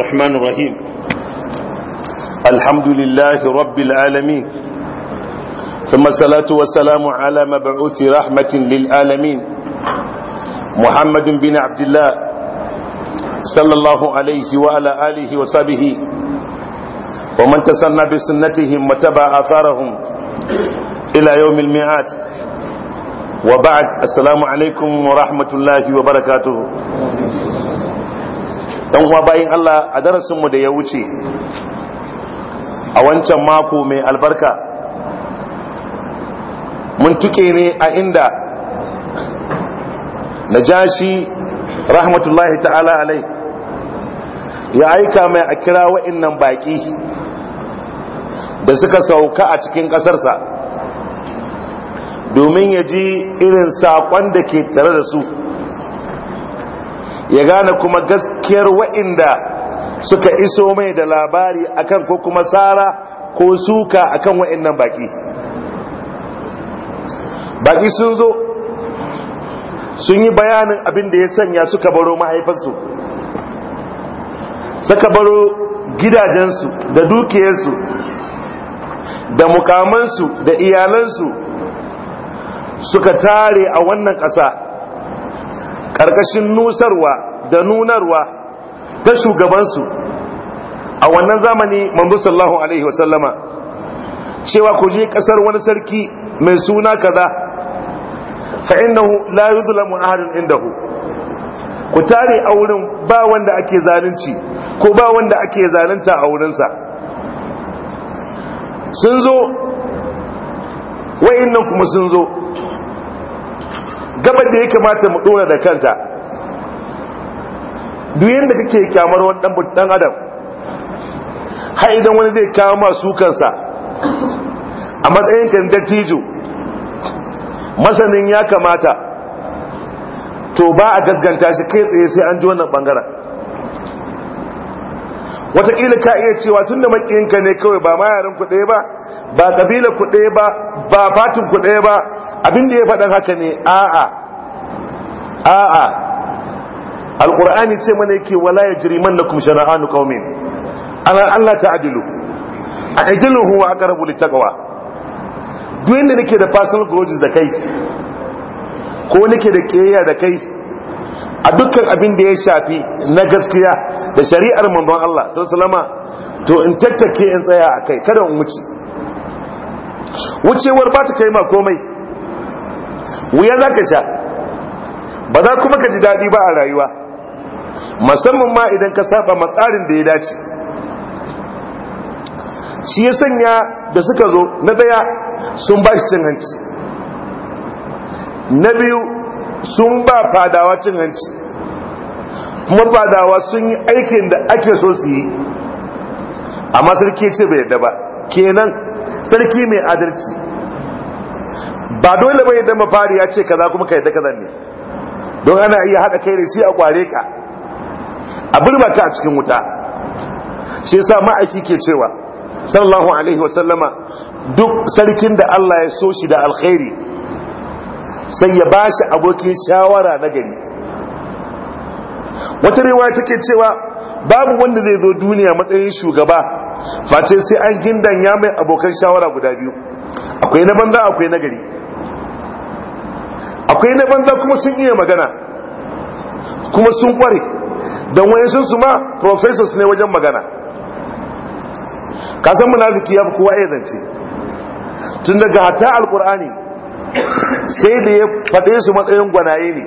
الرحمن الرحيم الحمد لله رب العالمين ثم الصلاة والسلام على مبعوث رحمة للعالمين محمد بن عبد الله صلى الله عليه وعلى آله وصحبه ومن تسنى بسنتهم وتبع آثارهم إلى يوم الميعاد وبعد السلام عليكم ورحمة الله وبركاته dan uwa bayin Allah a darasin mu da ya wuce a wancan mako mai albarka mun tuke ne a inda najashi rahmatullahi ta'ala alai ya aika mai a kira wa'innan baƙi da suka sauka a cikin ƙasarsa domin ya ji irin saƙon da ke tare da su ya gane kuma gaskiyar wa'inda suka iso mai da labari akan ko kuma tsara ko suka akan wa'innan baki baki sun zo sun yi bayanin abin da ya sanya suka baro mahaifarsu suka baro gidajensu da dukiyarsu da mukamansu da iyalansu suka tare a wannan ƙasa ƙarƙashin nusarwa da nunarwa ta shugabansu a wannan zamani manzo sallallahu alaihi wasallama cewa ku je kasar wani sarki mai suna kaza fa innahu la yuzlamu ahadun indahu ku tare a wurin ba wanda ake zalunci ko ba wanda ake zalunta a wurinsa sun zo wa'annan kuma sun zo gabar da ya kamata mu dora da kanta duk da kake kyamar wani dan adam har idan wani zai kawo masu kansa a matsayin kan dattijo masanin ya kamata to ba a gaskanta shi kai tsaye sai an ji wannan bangaren wataƙila ka iya cewa tun da maƙiyinka ne kawai ba mayarin ku ɗaya ba ba ƙabilar ku ɗaya ba ba fatin ku ɗaya ba abin ya faɗin haka ne a'a a'a alqur'ani ce mana yake wala yajrimannakum shana'anu qaumin Ana Allah ta'dilu a'dilu huwa aqrabu littaqwa duk inda nake da personal grudges da kai ko nake da kiyayya da kai a dukkan abin da ya shafi na gaskiya da shari'ar manzon Allah sallallahu to in tattake in tsaya akai kada in wuce wucewar ba ta kai ma komai wuya zaka sha ba za kuma ka ji daɗi ba a rayuwa musamman ma idan ka saba matsarin da ya dace shi ya sanya da suka zo na daya sun ba shi cin hanci na biyu sun ba fadawa cin hanci kuma fadawa sun yi aikin da ake so su yi amma sarki ce bai yadda ba kenan sarki mai adalci ba dole bai yadda mafari ya ce kaza kuma ka yadda kaza ne don ana iya haɗa kai da shi a kware ka a birba ta a cikin wuta shi yasa ma'aiki ke cewa sallallahu alaihi wasallama duk sarkin da Allah ya so shi da alkhairi sai ya bashi abokin shawara na gari wata riwaya take cewa babu wanda zai zo duniya matsayin shugaba face sai an gindan ya mai abokan shawara guda biyu akwai na banza akwai na gari akwai na banza kuma sun iya magana kuma sun kware don wayansu su ma professors ne wajen magana kasan munafiki ya fi kowa ya zance tun daga hata alkur'ani sai da ya faɗe su matsayin gwanaye ne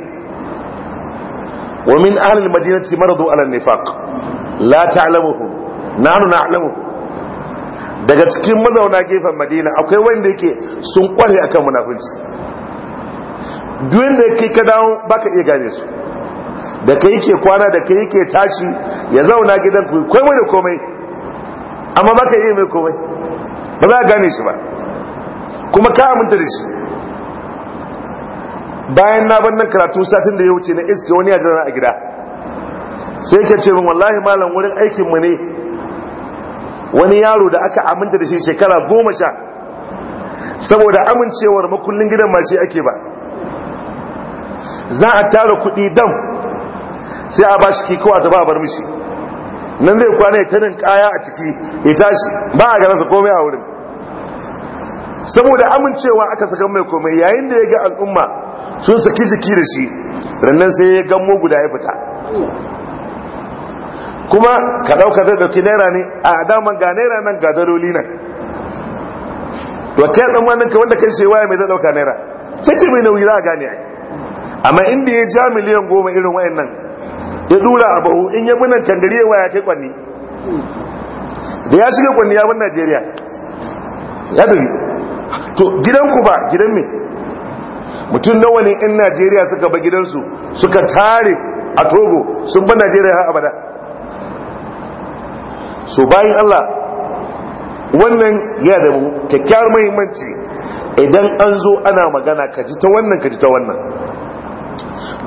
wa min ahlil madinati maradu ala nifaq la ta'lamuhum nanu na'lamuhum daga cikin mazauna gefen madina akwai wanda yake sun kware akan munafunci duk da yake ka dawo baka iya gane su da kai ke kwana da kai ke tashi ya zauna gidan ku komai da komai amma baka yi mai komai ba za ka gane shi ba kuma ka aminta da shi bayan na bar karatu satin da ya wuce na iske wani yajira a gida sai ka ce min wallahi malam wurin aikin mu ne wani yaro da aka aminta da shi shekara goma sha saboda amincewar makullin gidan ma shi ake ba za a tara kuɗi dam sai a bashi ki ko a taba a bar mishi nan zai kwana ya tanin kaya a ciki ya tashi ba a ganin komai a wurin saboda amincewa aka saka mai komai yayin da ya ga al'umma sun saki jiki da shi rannan sai ya gamo guda ya fita kuma ka dauka zai dauki naira ne a daman ga naira nan ga daloli nan to kai dan wannan ka wanda kai shewa mai zai dauka naira sai mai nauyi za a gane ai amma inda ya ja miliyan goma irin wayannan ya dura a bahu in ya binan kangarewa ya kai kwanni da ya shiga kwanni ya bin najeriya ya tafi to gidanku ba gidan me mutum nawa ne in najeriya suka ba gidansu suka tare a togo sun ba najeriya har abada so bayan allah wannan ya da kyakkyar mahimmanci idan an zo ana magana ka ji ta wannan ka ji ta wannan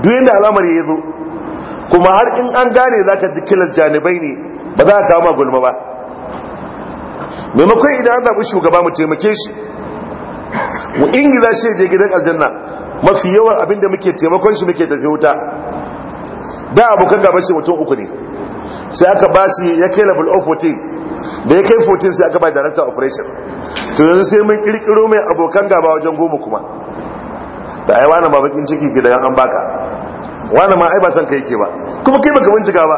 duk yadda alamar ya zo kuma har in an gane zaka ji kilas janibai ne ba za ka kama gulma ba maimakon idan an zaɓi shugaba mu taimake shi mu ingila shi je gidan aljanna mafi yawan abin da muke taimakon shi muke tafi wuta da abokan gaba shi mutum uku ne sai aka ba shi ya kai level of 14 da ya kai 14 sai aka ba director operation to yanzu sai mun kirkiro mai abokan gaba wajen goma kuma da ai na babakin ciki gidan an baka wani ma ai ba yake ba kuma kai baka bincika ba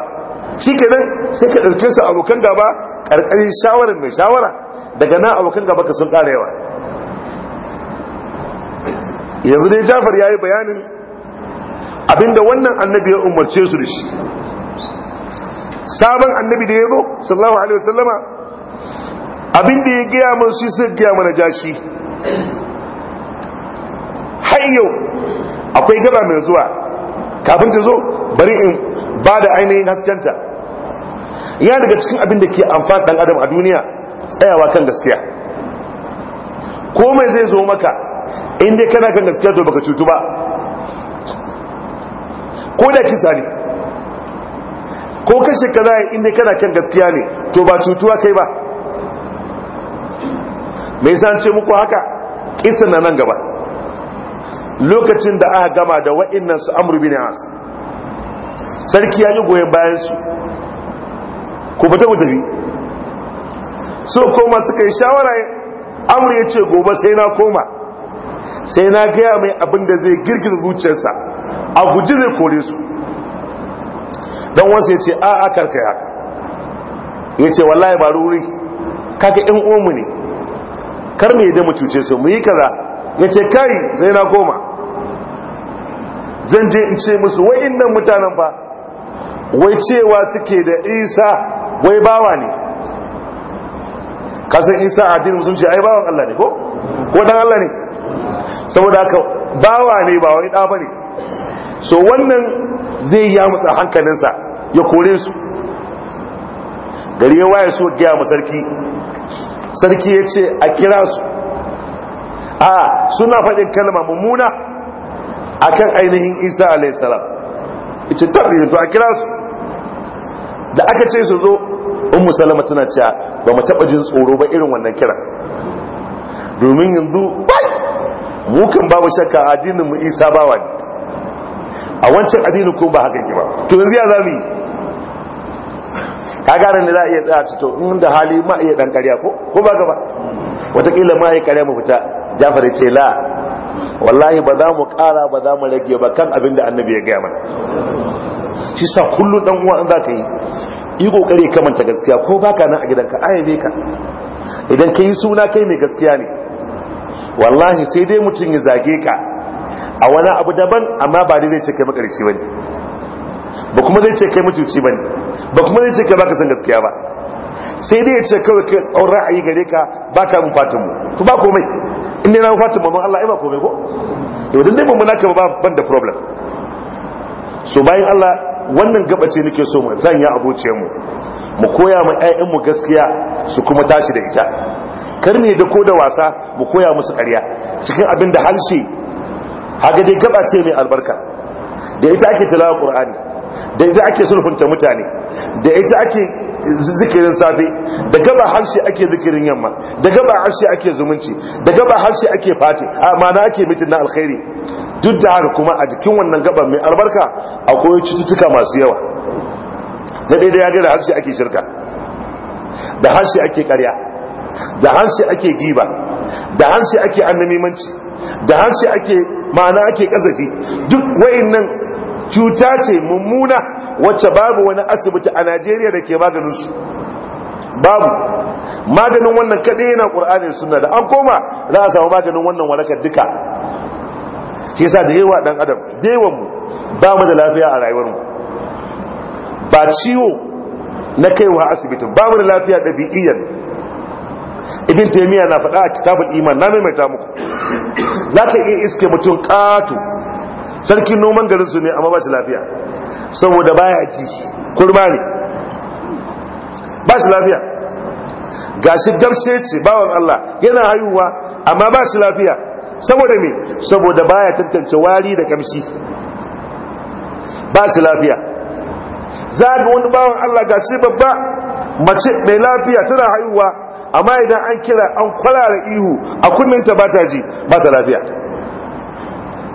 shi kenan sai ka ɗauke su abokan gaba ƙarƙari shawarar mai shawara daga nan abokan gaba ka sun ƙara yanzu dai jafar ya yi bayanin abinda wannan annabi ya umarce su da shi sabon annabi da ya zo sallallahu alaihi wasallama abinda ya gaya mun shi sai gaya mana jashi har yau akwai gaba mai zuwa kafin ta zo bari in ba da ainihin haskenta ya daga cikin abin da ke amfani dan adam a duniya tsayawa kan gaskiya komai zai zo maka inda kana kan gaskiya to baka cutu ba ko da kisa ne ko kashe ka za inda kana kan gaskiya ne to ba cutuwa kai ba mai zance ce muku haka kisa na nan gaba lokacin da aka gama da wa'annan su amru bin as sarki ya yi goyon bayan su ku fita ku tafi so koma suka yi shawara amru ya ce gobe sai na koma sai na gaya mai abin da zai girgiza zuciyarsa a guji zai kore su don wasu ya ce a a karkaya ya ce wallahi ba ruri kaka in omu ne kar ne da mu cuce su mu yi kaza ya ce kai sai na koma zan je in ce musu wai nan mutanen fa wai cewa suke da isa wai bawa ne kasan isa a addinin sun ce ai bawan Allah ne ko ko dan Allah ne saboda haka bawa ne ba wani da bane so wannan zai ya mutsa hankalinsa ya kore su gari ya waye su gaya mu sarki sarki ya ce a kira su a suna faɗin kalma mummuna akan ainihin isa salam ita tabbata to a kira su da aka ce su zo ummu salama tana cewa ba mu taba jin tsoro ba irin wannan kira domin yanzu mu kan babu shakka addinin mu isa bawa ne a wancan addinin ko ba haka ke ba to yanzu ya zamu yi kaga ran da za a iya tsaya to in da hali ma iya dan ƙarya ko ko ba gaba wataƙila ma ya ƙarya mu fita jafar ya ce la wallahi ba za mu ƙara ba za mu rage ba kan abin da annabi ya gaya mana shi sa kullum dan uwa an za ka yi yi kokari ka manta gaskiya ko baka nan a gidanka ayabe ka idan ka yi suna kai mai gaskiya ne wallahi sai dai mutum ya zage ka a wani abu daban amma ba dai zai ce kai ba bane ba kuma zai ce kai mutuci bane ba kuma zai ce kai baka san gaskiya ba sai dai ya ce kawai kai tsauran ayi gare ka baka mun fatan mu to ba komai in ne na fatin mamman Allah ai ba ko yau dan dai mamman kama ba ban da problem so bayan Allah wannan gabace ce nake so mu zan yi abociyar mu mu koya mu ƴaƴan mu gaskiya su kuma tashi da ita kar ne da ko da wasa mu koya musu ƙarya cikin abin da harshe haka dai gabace mai albarka da ita ake tilawa qur'ani da ita ake sulhunta mutane da ita ake zikirin safe da gaba harshe ake zikirin yamma da gaba harshe ake zumunci da gaba harshe ake fati amma na ake mitin na alkhairi duk da haka kuma a jikin wannan gaban mai albarka akwai cututtuka masu yawa na ɗaya da ya ga da harshe ake shirka da harshe ake ƙarya da harshe ake giba da harshe ake annamimanci da harshe ake ma'ana ake ƙazafi duk wa'innan cuta ce mummuna wacce babu wani asibiti a najeriya da ke maganin su babu maganin wannan kaɗai yana ƙur'anin suna da an koma za a samu maganin wannan warakar duka shi sa da yawa ɗan adam da yawan mu ba mu da lafiya a rayuwar mu ba ciwo na kaiwa asibitin ba mu da lafiya ɗabi'iyyar Ibin taimiyya na faɗa a kitabun iman na maimaita muku Za ka iya iske mutum ƙato sarkin noman garinsu ne amma ba shi lafiya saboda baya ci kurma ne ba shi lafiya ga shi gamshe ce bawan Allah yana haihuwa amma ba shi lafiya saboda me saboda baya tantance wari da kamshi ba shi lafiya za ga wani bawan Allah ga shi babba mace mai lafiya tana haihuwa amma idan an kira an kwalara ihu a kunninta ba ta ji ba ta lafiya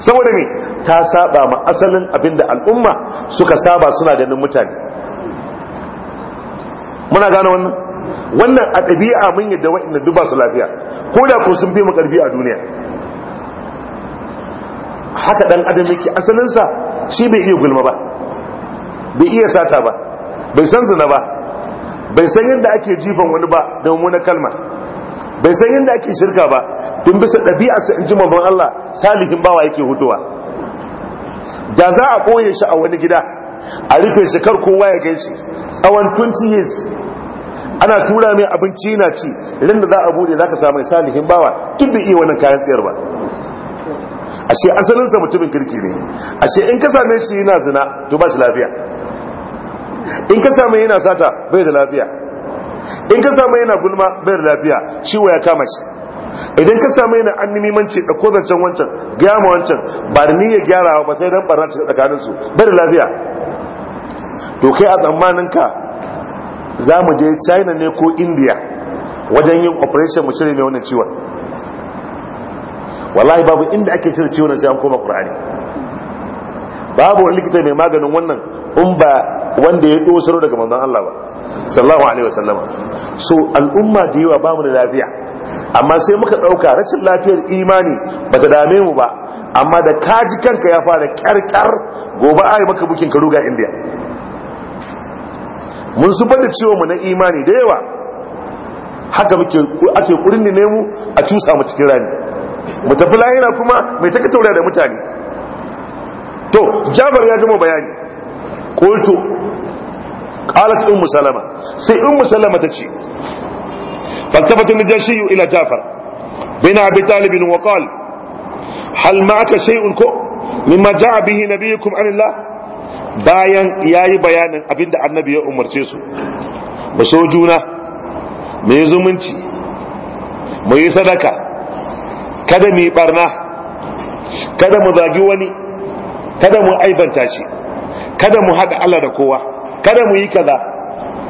saboda me ta saba ma asalin abinda al'umma suka saba suna ganin mutane muna gane wannan wannan a ɗabi'a mun yadda wa'inda duba su lafiya ko da ko sun fi mu ƙarfi a duniya haka ɗan adam yake asalinsa shi bai iya gulma ba bai iya sata ba bai san zina ba bai san yadda ake jifan wani ba da wani kalma bai san yadda ake shirka ba tun bisa ɗabi'arsa in ji manzon Allah salihin bawa yake hutuwa da za a ɓoye shi a wani gida a rufe shi kar kowa ya gan shi tsawon 20 years ana tura mai abinci na ci idan da za a bude za ka samu salihin bawa tun bai iya wannan kayan tsayar ba ashe asalinsa mutumin kirki ne ashe in ka same shi yana zina to ba shi lafiya in ka same yana sata bai da lafiya in ka same yana gulma bai da lafiya ciwo ya kama shi idan ka samu yana an nimimanci da ko wancan gyama ma wancan ba da niyyar gyarawa ba sai dan barna cikin tsakanin su bai da lafiya to kai a tsammanin ka za mu je china ne ko india wajen yin operation mu cire mai wannan ciwon wallahi babu inda ake cire ciwon sai an koma qur'ani babu wani likita mai maganin wannan in ba wanda ya dosaro daga manzon Allah ba sallallahu alaihi wasallama so al'umma da yawa ba mu da lafiya amma sai muka ɗauka rashin lafiyar imani ba ta dame mu ba amma da kaji kanka ya fara ƙarƙar gobe ayi maka bukin ruga indiya mun zubar da ciwo mu na imani da yawa haka muke ake kurin ne mu a cusa mu cikin rani mu tafi lahira kuma mai taka taura da mutane to jabar ya gama bayani kultu qalat ummu salama sai ummu salama tace فالتفت النجاشي إلى جعفر بن أبي طالب وقال هل معك شيء مما جاء به نبيكم عن الله bayan ya yi bayanin abinda annabi ya umarce su mu so juna mu yi zumunci mu yi sadaka kada mu yi barna kada mu zagi wani kada mu aibanta shi kada mu haɗa Allah da kowa kada mu yi kaza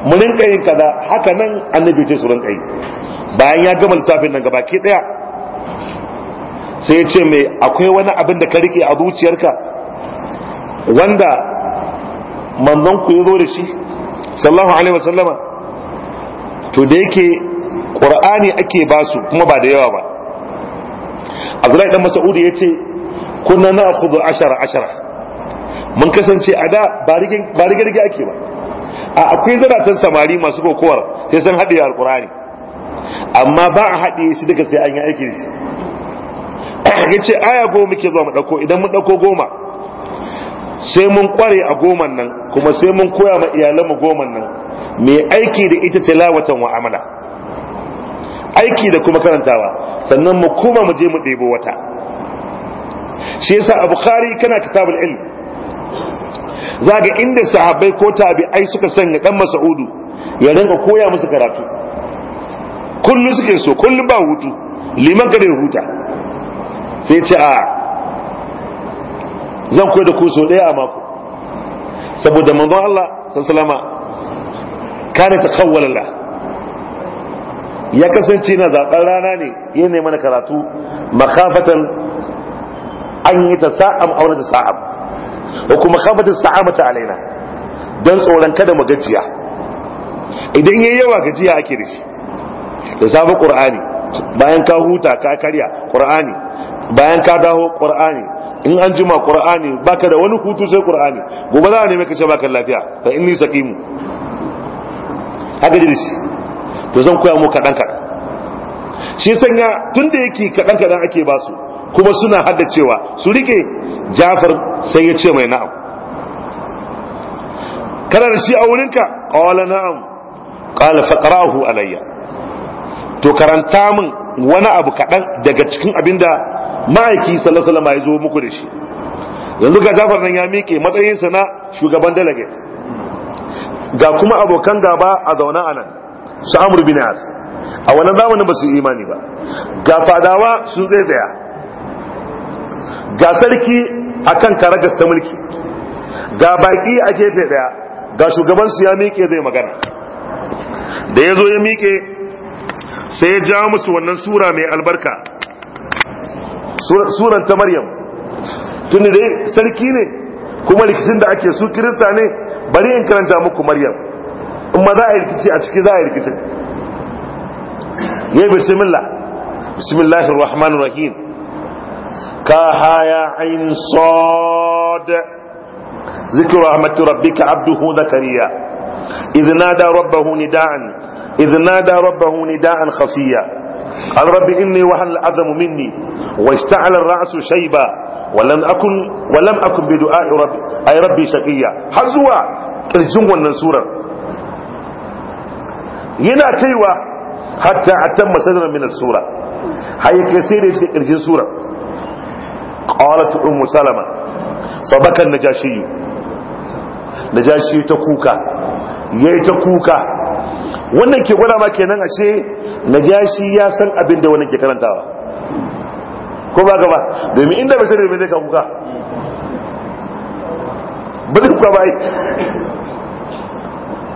mu rinka yin kaza haka nan annabi ce su rinka yi bayan ya gama lissafin nan gaba ke daya sai ya ce me akwai wani abin da ka rike a zuciyarka wanda manzon ku ya zo da shi sallallahu alaihi wasallama to da yake qur'ani ake basu kuma ba da yawa ba abdullahi dan masa'udi yace kunna na'khudhu ashara ashara mun kasance a da ba rige ake ba a akwai zaratan samari masu kokowar sai sun haɗe alkurani amma ba a haɗe shi daga sai an yi aiki da shi ya ce aya goma muke zuwa mu ɗauko idan mu ɗauko goma sai mun kware a goman nan kuma sai mun koya ma iyalan mu goman nan mai aiki da ita tilawatan wa amala aiki da kuma karantawa sannan mu kuma mu je mu ɗebo wata shi yasa a bukhari kana kitabul ilm zaga inda sahabbai ko tabi'ai suka sanya dan mas'udu ya rinka koya musu karatu kullu suke so kullu ba hutu liman kada ya huta sai ce a zan koyar da ku so daya a mako saboda manzon Allah sallama kana takawwala Allah ya kasance na zaɓar rana ne ya mana karatu makafatan an yi ta sa'am aure da sa'am wa kuma khafatis sa'amata alaina don tsoron kada mu gajiya idan yayi yawa gajiya ake da shi da safa qur'ani bayan ka huta ka karya qur'ani bayan ka dawo qur'ani in an jima qur'ani baka da wani hutu sai qur'ani gobe za a neme ka ce baka lafiya fa inni saqim haka jirisi to zan koya mu kadan kadan shi sanya tunda yake kadan kadan ake basu kuma suna cewa su rike jafar sai ya ce mai na'am kana da shi a wurinka qala na'am qala a alayya to karanta min wani abu kaɗan daga cikin abinda ma'aiki salasala ma ya zo muku da shi yanzu ga jafar nan ya miƙe matsayinsa na shugaban delegate ga kuma abokan gaba a zaune a nan su amur bin a wannan zamanin ba su imani ba ga fadawa sun tsaye ga sarki akan karagas ta mulki ga baki a gefe daya ga shugaban su ya miƙe zai magana da ya zo ya miƙe sai ya ja musu wannan sura mai albarka suran ta maryam tuni dai sarki ne kuma rikicin da ake su kirista ne bari in karanta muku maryam in ma za a rikici a ciki za a yi rikicin ya yi bismillah bismillahir كاها يا عين صاد ذكر رحمة ربك عبده ذكريا إذ نادى ربه نداء إذ نادى ربه نداء خصية قال رب إني وهل الأذم مني واشتعل الرأس شيبا ولم أكن ولم أكن بدعاء ربي أي ربي شقيا حزوا كرجم والنسورة ينا تيوا حتى أتم سدرا من السورة هاي كثير في كرجم سورة qalat ummu salama sabakan najashi najashi ta kuka ta kuka wannan ke gwada ma kenan ashe najashi ya san abin da wannan ke karantawa ko ba gaba domin inda ba sani zai kuka ba zai kuka bai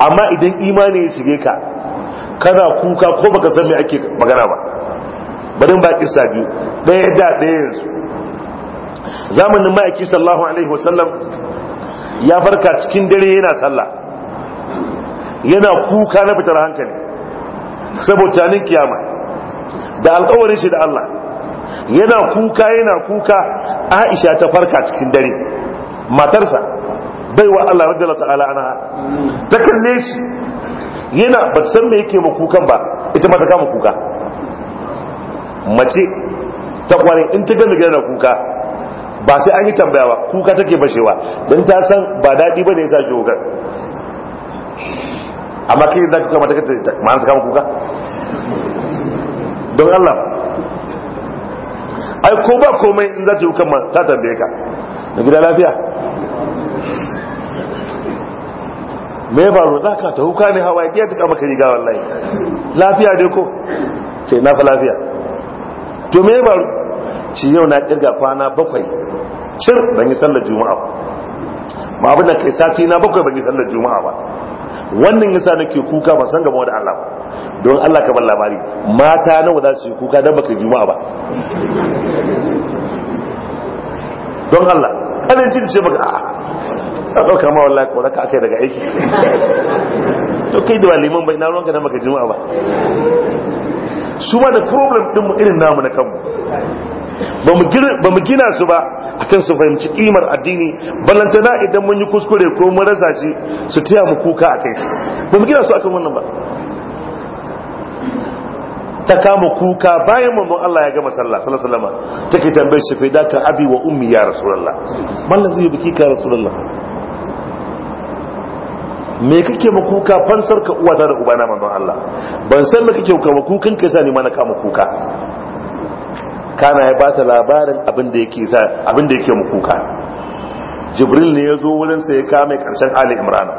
amma idan imani ya shige ka kana kuka ko baka san me ake magana ba barin ba kisa biyu ɗaya da ɗaya yanzu zamanin ma'aiki sallahu alaihi wasallam ya farka cikin dare yana sallah yana kuka na fitar hankali saboda tanin kiyama da alkawarin shi da Allah yana kuka yana kuka Aisha ta farka cikin dare matarsa baiwa Allah radiyallahu ta'ala anha ta kalle shi yana ba san me yake ma kukan ba ita ma ta kama kuka mace ta kware in ta ga gida na kuka ba sai an yi tambaya ba kuka take bashewa don ta san ba daɗi ba ne ya sa shi kuka amma kai da kuka mata kace ma'ana ta kama kuka don Allah ai ko ba komai in za ta yi kuka ma ta tambaye ka da gida lafiya me ba faru za ka ta huka ne hawa ya ta kama ka riga wallahi lafiya dai ko ce na fa lafiya to me ba faru ci yau na kirga kwana bakwai cir ban yi sallar juma'a ba ma abin da kai sati na bakwai ban yi sallar juma'a ba wannan yasa nake kuka ba san gaba da Allah ba don Allah ka bar labari mata nawa za su yi kuka dan baka juma'a ba don Allah kada ji ce baka a dauka ma wallahi ko raka akai daga aiki to kai da liman bai na ruwanka dan baka juma'a ba su ma da problem din mu irin namu na kanmu ba mu gina su ba akan su fahimci kimar addini ballantana idan mun yi kuskure ko mun rasa shi su taya mu kuka a kai ba mu gina su akan wannan ba ta kama kuka bayan manzon Allah ya gama sallah sallallahu alaihi wasallam take tambayar shi fa ka abi wa ummi ya rasulullah mallan zai biki ka rasulullah me kake mu kuka fansar ka uwa da ubana manzon Allah ban san me kake kuka ba kukan ka sani ma na kama kuka kana ya bata labarin abin da yake sa abin da yake mukuka jibril ne ya zo wurin sa ya kame karshen ali imran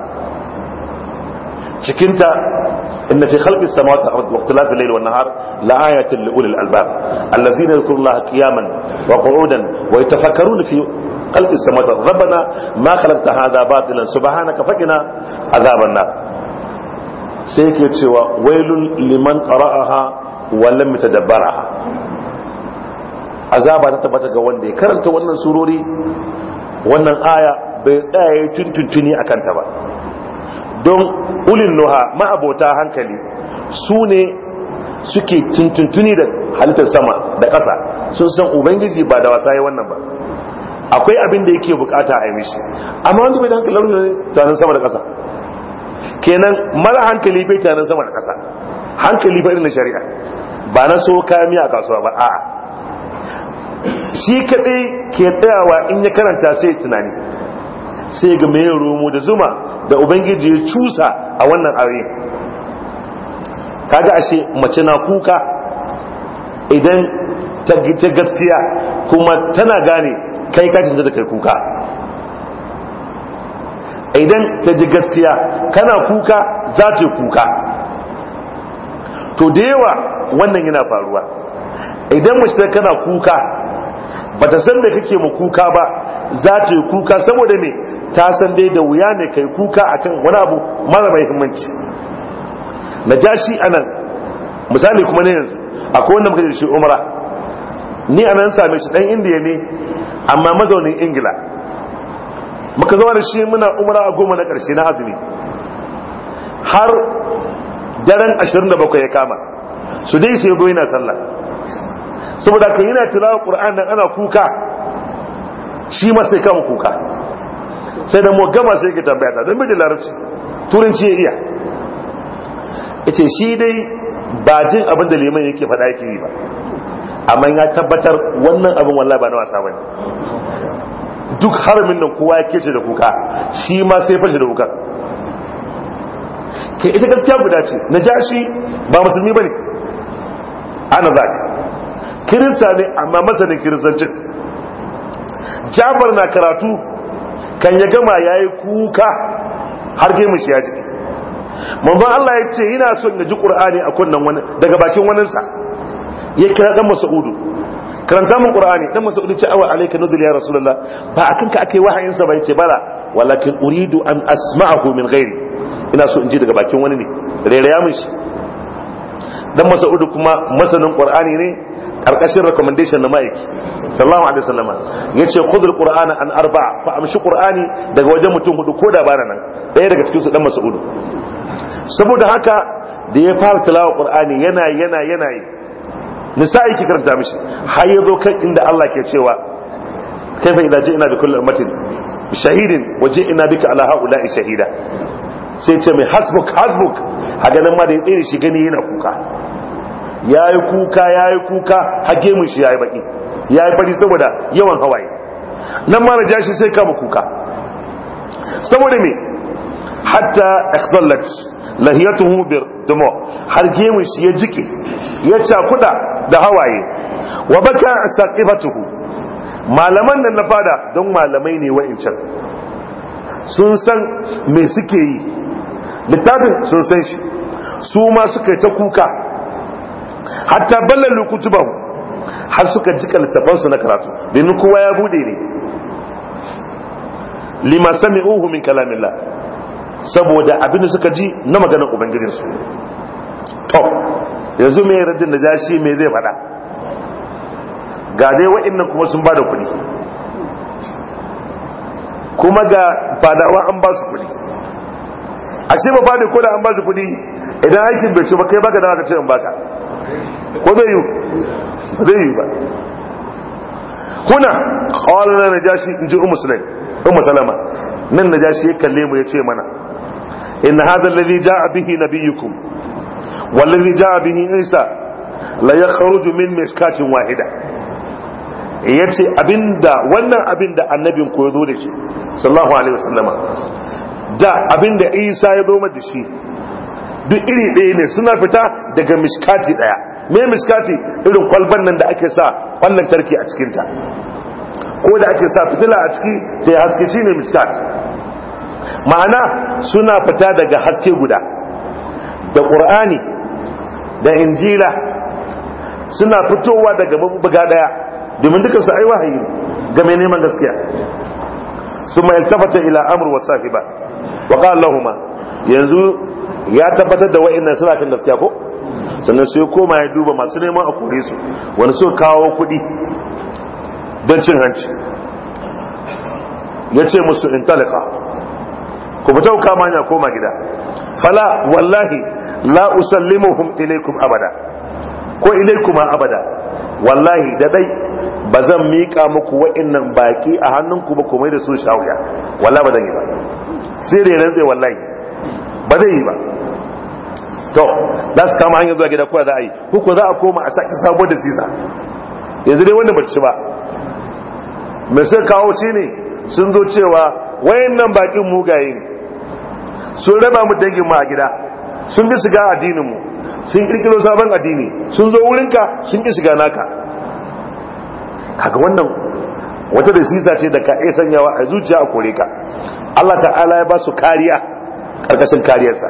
cikinta inna fi khalqi samawati wal ardi wa ikhtilafi al-layli wan nahar la ayatin li ulil albab alladhina yadhkurullaha qiyaman wa qu'udan wa yatafakkaruna fi khalqi samawati rabbana ma khalaqta hadha batilan subhanaka faqina adhaban nar sai yake cewa wailul liman qara'aha wa lam yatadabbaraha azaba ta tabbata ga wanda ya karanta wannan surori wannan aya bai tsaya tuntuntuni a kanta ba don ulin nuha ma'abota hankali su ne suke tuntuntuni da halittar sama da ƙasa sun san ubangiji ba da wasa ya wannan ba akwai abin da yake bukata a yi mishi amma wanda bai da hankali launin tunanin sama da ƙasa kenan mara hankali bai tunanin sama da ƙasa hankali bai na shari'a ba na so kayan miya kasuwa ba a'a shi kaɗai ke tsayawa in ya karanta sai tunani sai ga mai romo da zuma da ubangiji ya cusa a wannan aure kaga ashe mace na kuka idan ta gaskiya kuma tana gane kai ka canza da kai kuka idan ta ji gaskiya kana kuka za ta kuka to da yawa wannan yana faruwa idan mace kana kuka bata san da kake mu kuka ba za ta yi kuka saboda me ta san dai da wuya ne kai kuka akan wani abu mara muhimmanci najashi anan misali kuma ne yanzu akwai wanda muka shi umra ni anan same shi dan indiya ne amma mazaunin ingila muka zama da shi muna umara a goma na karshe na azumi har daren 27 ya kama su dai sai zo yana sallah saboda ka yana tilawar ƙura'an nan ana kuka shi ma sai kama kuka sai da gama sai ke tambaya ta don bai da larabci turanci ya iya ita shi dai ba jin abin da liman yake faɗa yake yi ba amma ya tabbatar wannan abin walla ba na wasa bane duk haramin nan kowa ya kece da kuka shi ma sai fashe da kuka ke ita gaskiya guda ce na ba musulmi ba ne ana zaki kirista ne amma masanin kiristancin jafar na karatu kan ya gama ya yi kuka har gemu shi ya ji. mamban Allah ya ce yana son ya ji ƙur'ani a kunnen wani daga bakin waninsa ya kira ɗan udu. karanta mun ƙur'ani ɗan udu ce awa alaika nuzul ya lalla ba a kanka ake wahayinsa ba ya ce bala walakin uridu an asma'ahu min gairi ina so in ji daga bakin wani ne rere ya mun shi masu udu kuma masanin ƙur'ani ne karkashin recommendation na ma'aiki sallallahu alaihi wasallama yace khudhul qur'ana an arba fa amshi qur'ani daga wajen mutum hudu ko da bana nan daya daga cikin su dan mas'ud saboda haka da ya fara tilawa qur'ani yana yana yana yi nisa'i ki karanta mishi har yazo kai inda Allah ke cewa kaifa idza ji'na bi kulli ummatin shahidin wa ji'na bika ala ha'ula'i shahida sai ce mai hasbuk hasbuk a ganin ma da ya tsere shi gani yana kuka ya yi kuka ya yi kuka hage mun shi ya yi baki ya yi fari saboda yawan hawaye nan mara jashi sai kama kuka saboda me hatta ikhtallat lahiyatuhu bir dumo har gemu shi ya jike ya cakuda da hawaye wa baka tuhu? malaman nan na fada don malamai ne wa'incan sun san me suke yi littafin sun san shi su ma suka ta kuka hatta ballan lokutuban har suka jika littafansu na karatu domin kowa ya bude ne lima sami'uhu min kalamillah saboda abin da suka ji na maganar su to yanzu mai raddin da jashi mai zai fada ga dai wa'annan kuma sun ba da kuɗi kuma ga fadawa an ba su kuɗi ashe ba fadi koda an ba su kuɗi idan aikin bai ci ba kai baka da aka ce in baka ko zai yi zai yi ba kuna kawalar najashi in ji musulai umu salama nan najashi ya kalle mu ya ce mana inna hadha alladhi ja'a bihi nabiyukum wallazi ja'a bihi isa la yakhruju min miskatin wahida yace abinda wannan abinda annabin ko yazo da shi sallallahu alaihi wasallama da abinda isa ya zo da shi duk iri ɗaya ne suna fita daga miskati ɗaya me miskati irin kwalban nan da ake sa ƙwallon tarki a cikinta ko da ake sa fitila a ciki ta yi haske shi ne miskati ma'ana suna fita daga haske guda da ƙur'ani da injila suna fitowa daga buga ɗaya domin su aiwa wahayi ga mai neman gaskiya su ثم ila الى امر وصاحبه وقال لهما yanzu ya tabbatar da nan suna kan gaskiya ko sannan sai koma ya duba masu neman a kore su wani suka kawo kuɗi don cin hanci ya ce musu in talaka ku fita ku kama ya koma gida fala wallahi la hum ilaikum abada ko ilaikuma abada wallahi da dai ba zan miƙa muku wa'innan baki a hannunku ba kuma da su shawuya wallahi ba zan yi ba sai rerantse wallahi ba zai yi ba to za su kama hanyar zuwa gida kuwa za a yi hukun za a koma a sake sabuwar da sisa yanzu dai wanda bace ba mai sai kawo shi ne sun zo cewa wayan nan bakin mugaye sun raba mu dangin mu a gida sun bi shiga addinin mu sun kirkiro sabon addini sun zo wurinka sun bi shiga naka kaga wannan wata da sisa ce da ka sanyawa a zuciya a kore ka Allah ta'ala ya ba su kariya karkashin kariyarsa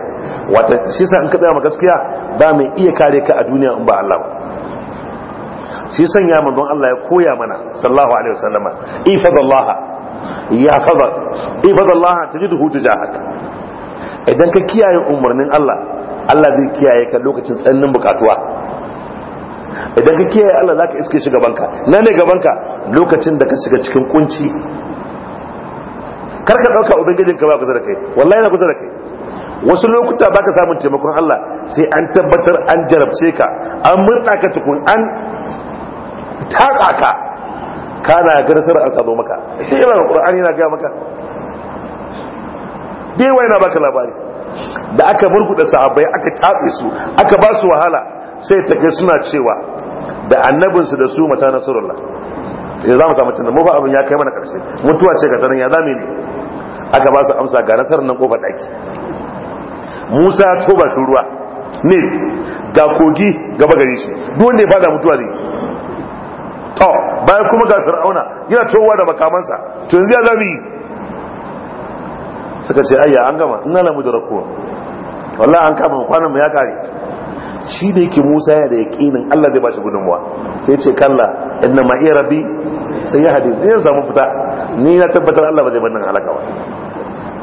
wata shi sa in ka tsaya ma gaskiya ba mai iya kare ka a duniya in ba Allah shi ya manzon Allah ya koya mana sallallahu alaihi wasallama ifadallaha ya fadar ifadallaha tajiduhu tujahak idan ka kiyaye umarnin Allah Allah zai kiyaye ka lokacin tsananin bukatuwa idan ka kiyaye Allah zaka iske shi gabanka na ne gabanka lokacin da ka shiga cikin kunci karka dauka ubangijinka ba kusa da kai wallahi na kusa da kai wasu lokuta baka samun taimakon Allah sai an tabbatar an jarabce ka an murna ka tukun an taka ka kana ga nasarar an sado maka sai yana Qur'ani yana ga maka dai wai na baka labari da aka murkuda sahabbai aka tatse su aka ba su wahala sai ta kai suna cewa da annabinsu da su mata nasarullah ya za mu samu cinna mu ba abin ya kai mana karshe mutuwa ce ga tanan ya zame ne aka ba su amsa ga nasarar nan kofar daki musa ya toba tun ruwa ne ga kogi gaba gare shi don ne ya mutuwa ne? to bayan kuma ga fir'auna yana towa da makamansa to yanzu ya zama yi suka ce ayya an gama ina alamu da rakuwa wallahi an kama kwanan mu ya kare shi da yake Musa ya da yaqinin Allah zai bashi gudunmuwa sai ce kalla inna ma iya rabbi sai ya hadi zai samu fita ni na tabbatar Allah ba zai bar nan halaka ba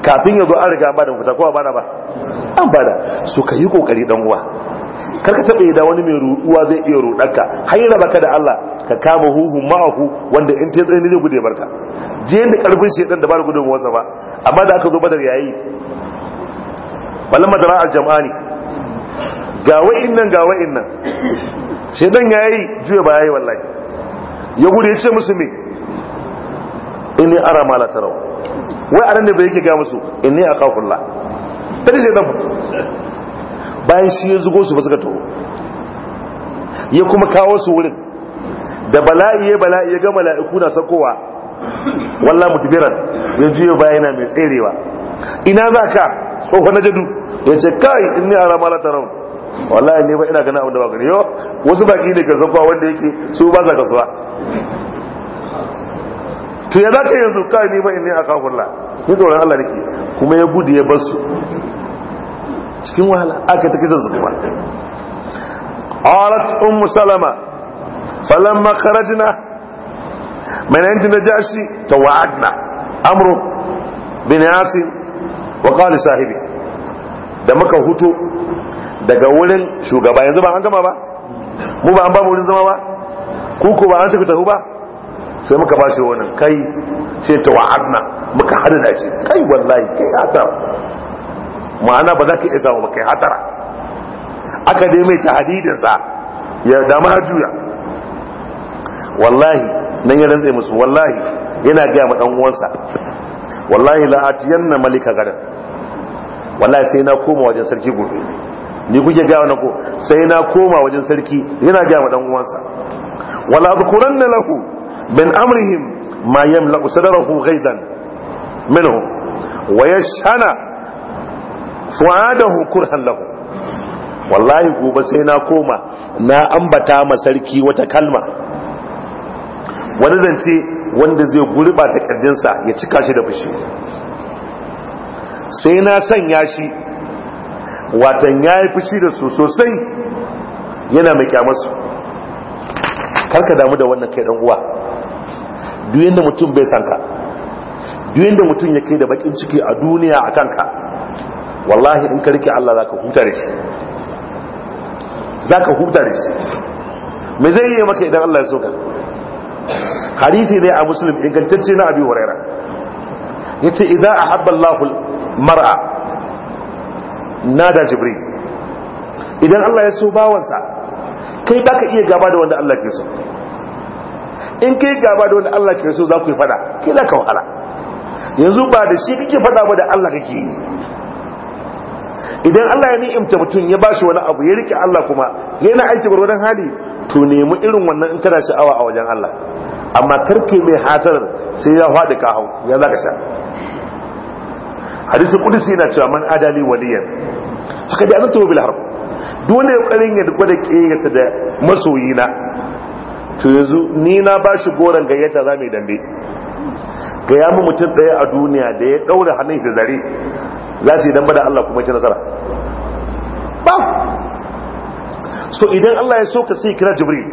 kafin ya zo an riga ba da kuta kowa bana ba an bada su ka yi kokari dan uwa karka taɓa yi da wani mai ruɗuwa zai iya ruɗarka har yana baka da Allah ka kama huhu ma'ahu wanda in ta tsaye zai gude barka je da karfin shedan da ba da wasa ba amma da aka zo badar yayi balin madara al ne. ga wa'in nan ga wa'in nan ya yayi juya ba yayi wallahi ya gude ya ce musu me inni ara mala la tarau wai anan ne bai yake ga musu inni akhafullah tada je dan bayan shi ya zugo su ba suka taho ya kuma kawo su wurin da bala'i ya bala'i ya ga mala'iku na sakowa wallahi mutbiran ya juye baya yana mai tserewa ina za ka tsofa na jadu ya ce kai inni ara mala tarau wallahi ne ba ina gana abin da ba gani yo wasu baki ne ka sakowa wanda yake su ba za ka suwa to ya zaka yanzu kai ni ba inni akhafullah ni tsoron Allah nake kuma ya gudu ya bar su cikin wahala aka ta zan zuwa kuma qalat ummu salama falamma kharajna min inda najashi tawadna amru bin yasin wa qala sahibi da muka huto daga wurin shugaba yanzu ba an gama ba mu ba an ba wurin zama ba ku ba an tafi tahu ba sai muka ba shi wannan kai sai ta wa'adna muka hada da shi kai wallahi kai hatara ma'ana ba za ka iya samu ba kai hatara aka dai mai tahadidin sa ya dama juya wallahi nan ya rantsa musu wallahi yana gaya ma dan uwansa wallahi la atiyanna malika garin wallahi sai na koma wajen sarki gobe ni kuke ga wannan ko sai na koma wajen sarki yana ga ma dan uwansa wala zukuranna lahu من أمرهم ما يملأ صدره غيظا منهم ويشهن فؤاده كرها له والله gobe sai na koma na ambata ma sarki wata kalma wani wanda zai gurba da kirjinsa ya cika shi da fushi sai na sanya shi watan ya yi fushi da su sosai yana mai kyamarsu karka damu da wannan kai dan uwa duk da mutum bai san ka duk da mutum ya kai da bakin ciki a duniya a kanka wallahi in ka rike Allah za ka huta da shi za ka huta da shi me zai yi maka idan Allah ya so ka hadisi ne a muslim ingantacce na abi huraira yace idza ahabba Allahu mar'a nada jibril idan Allah ya so bawansa kai baka iya gaba da wanda Allah ke so in kai gaba da wanda Allah ke so za ku yi fada ke za ka wahala yanzu ba da shi kake fada ba da Allah kake yi idan Allah ya ni'imta mutum ya ba shi wani abu ya rike Allah kuma yana aiki barwadan hali to nemi irin wannan in kana sha'awa a wajen Allah amma karke mai hasarar sai ya faɗi ka hau ya za ka sha hadisi kudusi yana cewa man adali waliyan haka da an tuwo bil harb dole ya ya duk da ƙeyata da masoyina to yanzu ni na ba shi goron gayyata za mu dambe ga ya mutum ɗaya a duniya da ya daura hannun shi zare za su yi damba da Allah kuma ci nasara ba so idan Allah ya so ka sai kira jibril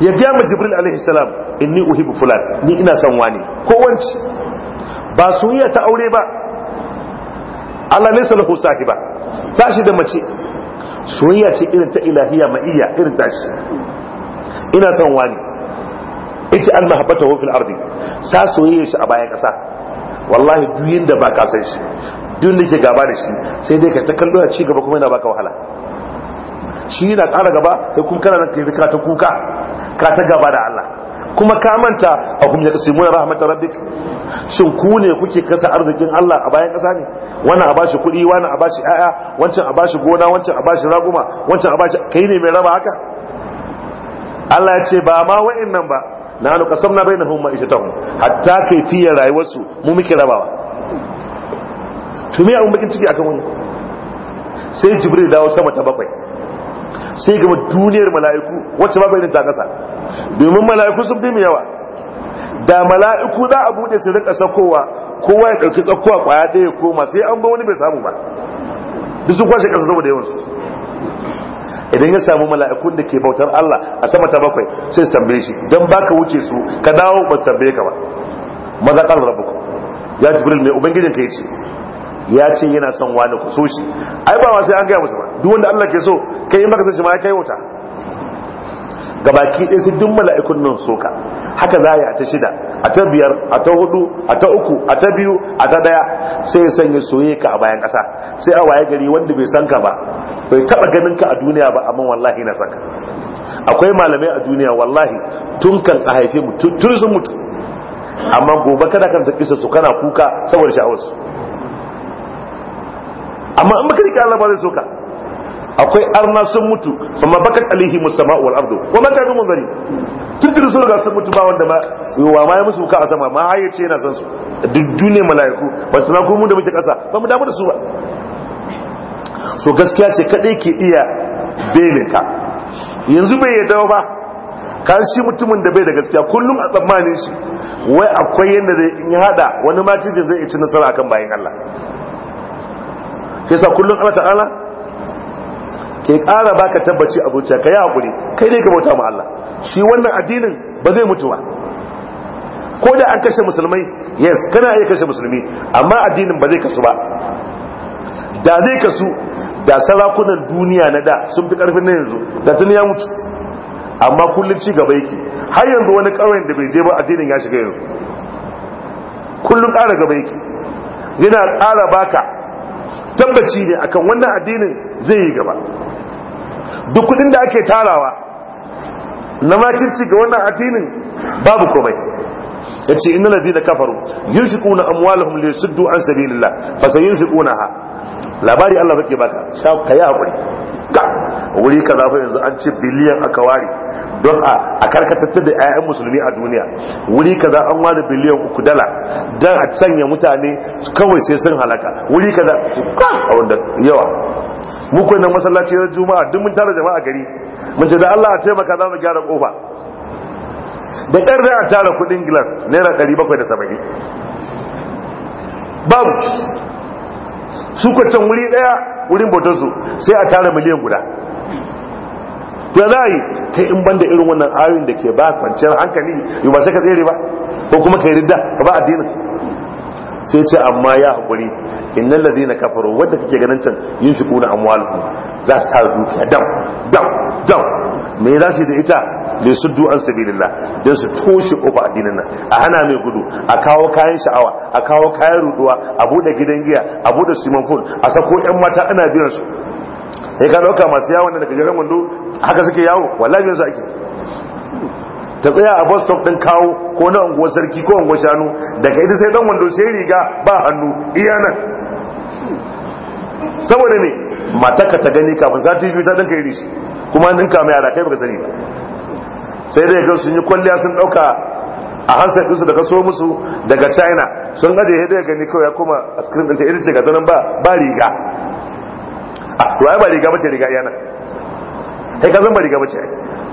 ya gaya ma jibril alaihi salam inni uhibu fulan ni ina son wani ko wanci ba soyayya ta aure ba Allah ne lahu sahiba ba shi da mace soyayya ce irin ta ilahiya ma'iyya irin tashi ina son wani ita an mahabbata fil ardi sa soyayya shi a bayan kasa wallahi duyin da ba ka san shi duk da ke gaba da shi sai dai ka ta kallo ci gaba kuma yana baka wahala shi yana ƙara gaba da kuma kana nan kai ka ta kuka ka ta gaba da Allah kuma ka manta a hum yaqsimuna rahmatar rabbik shin ku ne kuke kasa arzikin Allah a bayan kasa ne wannan a bashi kuɗi wannan a bashi aya wancan a bashi gona wancan a bashi raguma wancan a bashi kai ne mai raba haka Allah ya ce ba ma wa'in nan ba na hannu kasar na bai na hun hun hatta kai fiye rayuwarsu mu muke rabawa tumi abin bakin ciki akan wani sai jibril dawo sama ta bakwai sai gama duniyar mala'iku wacce ba bai da kasa domin mala'iku sun fi mu yawa da mala'iku za a bude su rika sakowa kowa ya ɗauki tsakowa kwaya ɗaya koma sai an ba wani bai samu ba duk sun kwashe kasa saboda yawansu idan ya samu mala'ikun da ke bautar Allah a sama ta bakwai sai su tambaye shi dan baka wuce su ka dawo ba su tambaye ka ba maza qal rabbukum ya jibril mai ubangijin ka yace ya ce yana son wani ku so shi ai ba sai an gaya musu ba duk wanda Allah ke so kai in baka san ma kai wuta gabaki ɗaya su duk mala'ikun nan soka haka za a yi ta shida a ta biyar a ta hudu a ta uku a ta biyu a ta daya sai ya sanya soye ka a bayan ƙasa sai a waye gari wanda bai san ka ba bai taɓa ganin ka a duniya ba amma wallahi na san akwai malamai a duniya wallahi tun kan a haife mu tun sun mutu amma gobe kan kisa su kana kuka saboda sha'awarsu amma in baka Allah ba zai soka akwai arna sun mutu sama bakat alihi musama wal ardu wa man mun munzari tuntun su ga sun mutu ba wanda ba. wa ma ya musu ka a sama ma hayyace yana san su duk dune mala'iku ba tana ku mu da muke kasa ba mu damu da su ba so gaskiya ce kadai ke iya belinka yanzu bai yadda ba kan shi mutumin da bai da gaskiya kullum a tsammanin shi wai akwai yadda zai in hada wani matijin zai ci nasara akan bayan Allah sai sa kullum Allah ta'ala ke ƙara baka tabbaci a zuciya ka yi hakuri kai dai ka bauta ma Allah shi wannan addinin ba zai mutu ba ko da an kashe musulmai yes kana iya kashe musulmi amma addinin ba zai kasu ba da zai kasu da sarakunan duniya na da sun fi karfin na yanzu da tun ya mutu amma kullum ci gaba yake har yanzu wani ƙauyen da bai je ba addinin ya shiga yanzu kullum ƙara gaba yake yana ƙara baka tabbaci ne akan wannan addinin zai yi gaba duk kudin da ake tarawa na makinci ga wannan addinin babu komai ya ce inna lazina kafaru yunfiquna amwalahum liyasuddu an sabilillah fa sayunfiqunaha labari Allah zake baka ka yi hakuri ka wuri kaza fa yanzu an ce biliyan aka ware don a a karkatatta da ayyan musulmi a duniya wuri kaza an ware biliyan uku dala don a sanya mutane kawai sai sun halaka wuri kaza a wanda yawa mu na na masallaci na juma'a duk mun tara jama'a gari mun ce da Allah a taimaka za mu gyara kofa da ƙar da a tara kuɗin glass naira 770 babu su ko can wuri ɗaya wurin bautarsu sai a tara miliyan guda ya za yi ta in banda irin wannan ayoyin da ke ba kwanciyar hankali yau ba sai ka tsere ba ko kuma ka yi ridda ka ba addinin sai ce amma ya hakuri inna ladina kafaru wanda kake ganin can yin shi kuna amwalukum za su tara dukiya dam dam dam me za su da ita da su du an sabilillah su toshe kofa addinin nan a hana mai gudu a kawo kayan sha'awa a kawo kayan ruduwa a bude gidan giya a bude siman pool a sako yan mata ana biyan su sai ka dauka masu yawon da daga jiran wando haka suke yawo wallahi yanzu ake ta tsaya a bus stop din kawo ko na unguwar sarki ko unguwar shanu daga ita sai dan wando sai riga ba hannu iya nan saboda mata ka ta gani kafin sati biyu ta dinka iri kuma ninka mai ala kai baka sani ba sai dai ga sun yi kwalliya sun dauka a hansar ɗinsu da so musu daga china sun aje ya daga gani kawai ya koma a screen ɗinta irin ce ga zanen ba ba riga a ah, to ai ba riga bace riga iya nan? sai ka zan ba riga bace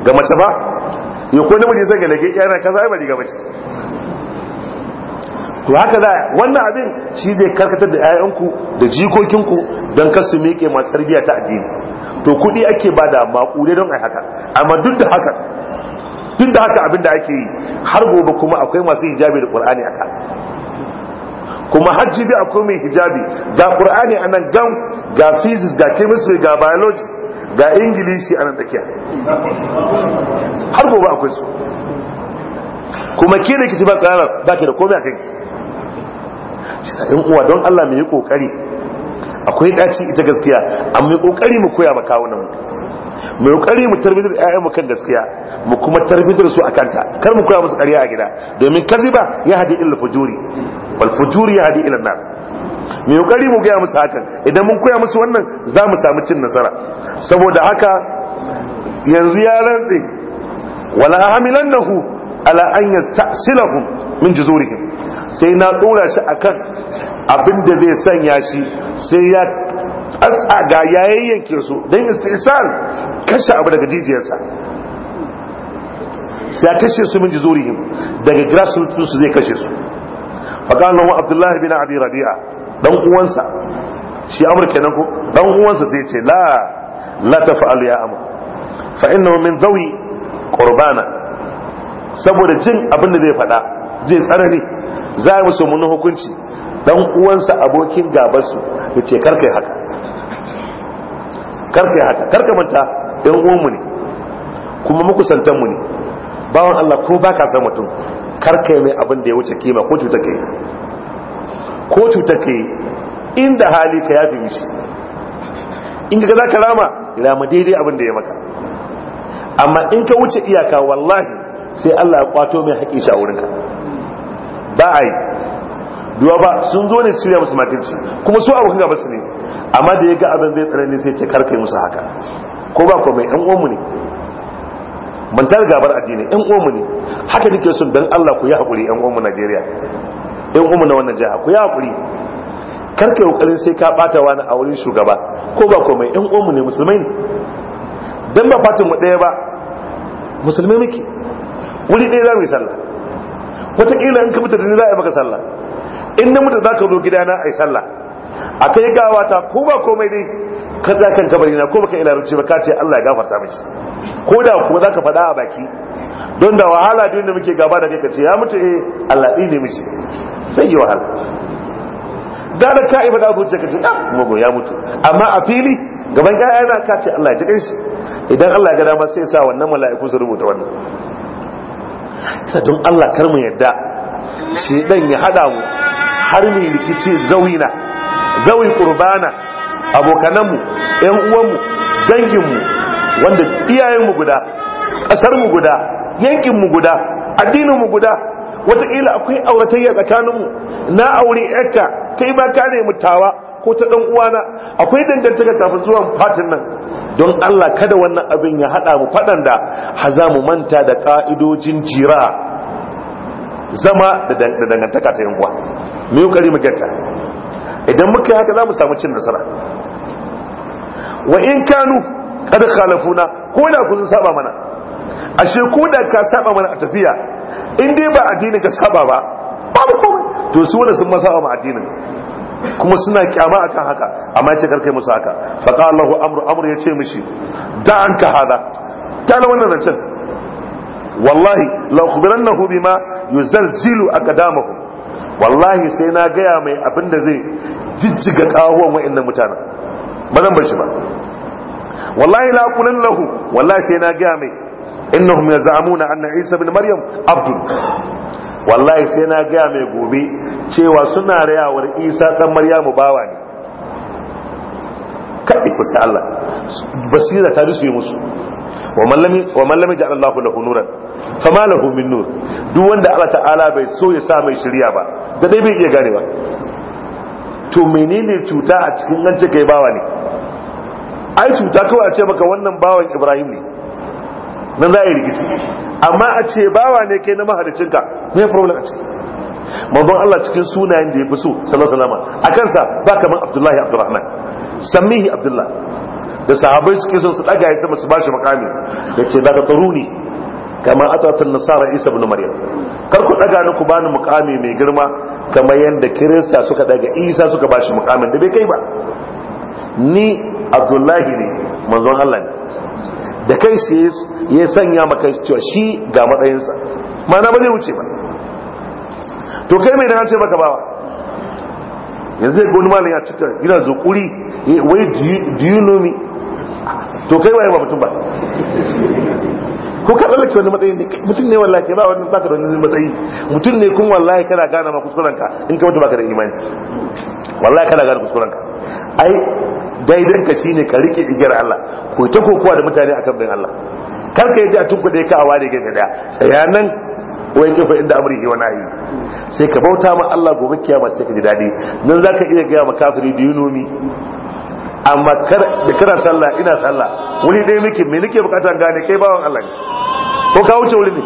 ga mace ba ya ko namiji zai ga lage yana kasa ai ba to haka za wannan abin shi zai karkatar da 'ya'yanku da jikokinku don kasu meke masu tarbiyya ta addini to kuɗi ake ba da maƙure don a haka amma duk da haka duk da haka abin da ake yi har gobe kuma akwai masu hijabi da ƙur'ani a kuma hajji bi akwai mai hijabi ga ƙur'ani a nan gam ga physics ga chemistry ga biology ga ingilishi a nan tsakiya har gobe akwai su kuma ke ne kiti ba tsara ba ke da komai a kai in uwa don allah mai yi kokari akwai daci ita gaskiya amma mai kokari mu koya ba kawo nan mu kokari mu tarbitar ƴaƴan mu kan gaskiya mu kuma tarbitar su akan ta kar mu koya musu ƙarya a gida domin kaziba ya hadi ilal fujuri wal fujuri ya hadi ila nar mai kokari mu gaya musu hakan idan mun koya musu wannan za mu samu cin nasara saboda haka yanzu ya rantse wala hamilannahu ala an yasta'silahum min juzurihim sai na tsora shi kan abin da zai sanya shi sai ya tsatsa ya yayyanke su don istisal kashe abu daga jijiyarsa sai ya kashe su min jizurihim daga grassroots su zai kashe su faƙalar wa abdullahi bin abi rabi'a dan uwansa shi amur kenan ko dan uwansa sai ce la la tafa'al ya amur fa innahu min zawi qurbana saboda jin abin da zai faɗa zai tsanani za mu so mun hukunci dan uwansa abokin gabar su yace karkai haka karkai haka karka manta ɗan uwanmu ne kuma mu ne bawan Allah ko baka san mutum karkai mai abin da ya wuce kima ko cuta kai ko cutar ka yi inda hali ka yafi mishi in ka za ka rama rama daidai abin da ya maka amma in ka wuce iyaka wallahi sai Allah ya kwato mai haƙi shi a ka ba a yi duwa ba sun zo ne shirya musu matinci kuma su abokan gaba su ne amma da ya ga abin zai tsanani sai ce karfe musu haka ko ba kuma yan uwanmu ne mantar gabar addini yan uwanmu ne haka nake son don Allah ku yi haƙuri yan uwanmu Najeriya yan umu na wannan jiha ku ya hakuri karka ƙarin sai ka ɓata wani a wurin shugaba ko ba komai yan umu ne musulmai ne don ba fatin mu ɗaya ba musulmai muke wuri ɗaya za mu yi sallah wataƙila in ka mutu da ni za a yi maka sallah in na mutu za ka zo gidana a yi sallah a kai gawa ta ko ba komai dai ka tsaya kan kabari na ko baka yi ba ka ce Allah ya gafarta mishi ko da kuma ka faɗa a baki don da wahala duk da muke gaba da kai ka ce ya mutu eh Allah ne mishi sai yi wahala da da ka ibada ce ka ce ah mugo ya mutu amma a fili gaban ga yana ka ce Allah ya ji kanshi idan Allah ya ga dama sai sa wannan mala'iku su rubuta wannan sai don Allah kar mu yadda shi dan ya hada mu har ne rikici zawina zawi qurbana abokananmu yan uwanmu danginmu wanda iyayenmu guda ƙasarmu guda yankinmu guda addininmu guda wataƙila akwai auratayya tsakaninmu na aure yarka kai ma ka nemi tawa ko ta dan uwana akwai dangantaka kafin zuwa fatin nan don Allah kada wannan abin ya haɗa mu fadan da haza mu manta da ka'idojin jira zama da dangantaka ta yan uwa me yukari mu idan muka yi haka za mu samu cin nasara wa in kanu kada khalafuna ko da kun saba mana ashe ko da ka saba mana a tafiya in dai ba addini ka saba ba babu komai to su wanda sun masa ma addinin kuma suna kyama akan haka amma yace karkai musu haka fa qala Allahu amru amru yace mishi da an ka hada tala wannan zancen wallahi la ukhbirannahu bima yuzalzilu aqdamahum wallahi sai na gaya mai abin da zai jijjiga kawon wa'annan mutanen ba zan bar shi ba wallahi la kunan lahu wallahi sai na gaya mai innahum yaz'amuna anna isa bin maryam abdul wallahi sai na gaya mai gobe cewa suna rayawar isa dan maryamu bawa ne kaɗai kusa Allah basira ta rufe musu wa mallami ja Allah lahu nuran fama lahu min nur duk wanda Allah ta'ala bai so ya sa mai shirya ba da dai bai iya ganewa to menene cuta a cikin an ce kai bawa ne ai cuta kawai a ce maka wannan bawan Ibrahim ne nan za a yi rikici amma a ce bawa ne kai na mahalicinka ne problem a ciki manzon Allah cikin sunayen da ya fi so sallallahu alaihi wasallam a kansa ba kaman Abdullahi Abdurrahman sammihi abdullah da sahabai suke so su daga ya sama su bashi makami da ce daga tsaruni kamar atatun nasara isa ibn maryam kar ku daga ni ku bani mukami mai girma kamar yadda kirista suka daga isa suka bashi mukamin da bai kai ba ni abdullahi ne manzon allah ne da kai shi ya sanya maka cewa shi ga matsayinsa mana ba zai wuce ba to kai mai da ce maka bawa yanzu zai goni malin ya cika gina zukuri eh, wai do you know me to kai waye ba mutum ba ko ka lalace wani matsayi ne mutum ne wallahi kai ba wani baka da wani matsayi mutum ne kun wallahi kana gane ma kuskuren ka in ka mutu baka da imani wallahi kana gane kuskuren ka ai daidan ka shine ka rike igiyar Allah ko ta kokowa da mutane akan bin Allah kar ka yi da tunkuɗe ka a ware gefe daya tsaya nan wai fa inda amri wa nahi sai ka bauta ma Allah gobe kiyama sai ka ji dadi nan zaka iya ga ma kafiri do you know me amma da kana sallah ina sallah wuri dai miki me nake bukatar gane kai bawon Allah ne ko ka wuce wuri ne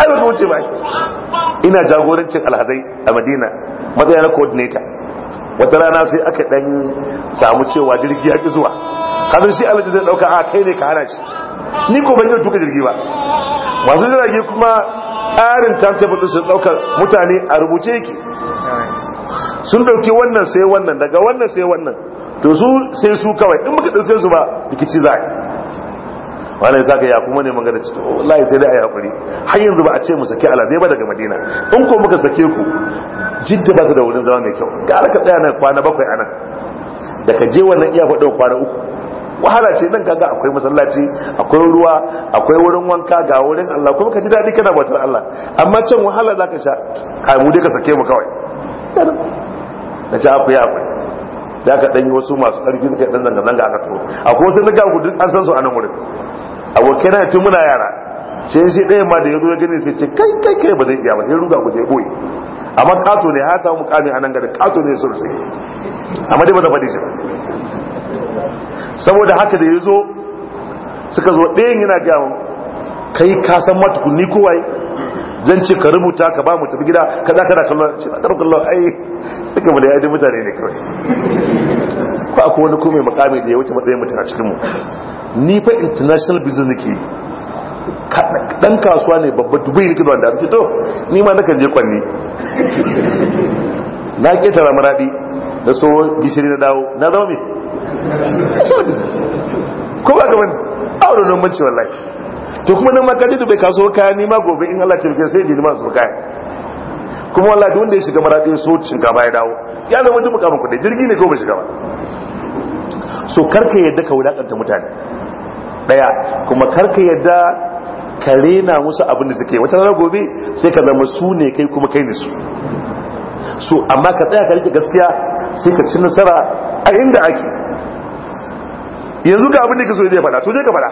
ai ba wuce ba ina jagorancin alhazai a Madina matsayin na coordinator wata rana sai aka dan samu cewa jirgi ya ki zuwa kafin shi Allah zai dauka a kai ne ka hana shi ni ko ban yi tuka jirgi ba masu jirage kuma tsarin timetable sun ɗaukar mutane a rubuce yake sun ɗauki wannan sai wannan daga wannan sai wannan to su sai su kawai in muka ɗauke su ba rikici za wannan ka yi kuma ne magana ciki wallahi sai dai ayi haƙuri. har yanzu ba a ce mu sake alade ba daga madina in ko muka sake ku jidda ba su da wurin zama mai kyau ga ka tsaya nan kwana bakwai anan da ka je wannan iya faɗo kwana uku wahala ce nan kaga akwai masallaci akwai ruwa akwai wurin wanka ga wurin Allah kuma ka ji dadi kana bautar Allah amma can wahala za ka sha kai mu dai ka sake mu kawai na ci akwai akwai zaka dan yi wasu masu karfi suka dan zanga-zanga aka turo akwai wasu na gagu duk an san su a nan wurin abokai na tun muna yara sai shi ɗaya ma da ya zo ya gani sai ce kai kai kai ba zai iya ba sai ruga ku je boye amma kato ne hata mu kame a nan gari kato ne sosai amma dai ba ta faɗi shi saboda haka da ya zo suka zo ɗayan yana ka kai kasan san matukunni kowai zan ce ka rubuta ka ba mu tafi gida ka za ka da kallon ce na karkar lau ai suka mu da yadda mutane ne kawai ko akwai wani kome makami da ya wuce matsayin mutane a cikinmu ni fa international business nake dan kasuwa ne babba dubai ne kidan da to ni ma nakan je kwanni na ketara maradi da so gishiri na dawo na zama mai. ko ba gaban aure don wallahi to kuma nan makaji da bai kaso kaya nima gobe in Allah tafiya sai jini masu kaya kuma wallahi duk wanda ya shiga maraɗi so shinkafa ya dawo ya zama duk mukamin kudi jirgi ne ko ba shiga ba so karka yadda ka wulakanta mutane daya kuma karka yadda ka rena musu abin da suke wata rana gobe sai ka zama su ne kai kuma kai ne su so amma ka tsaya ka rike gaskiya sai ka ci nasara a inda ake yanzu ga abin da ke so zai faɗa to je ka faɗa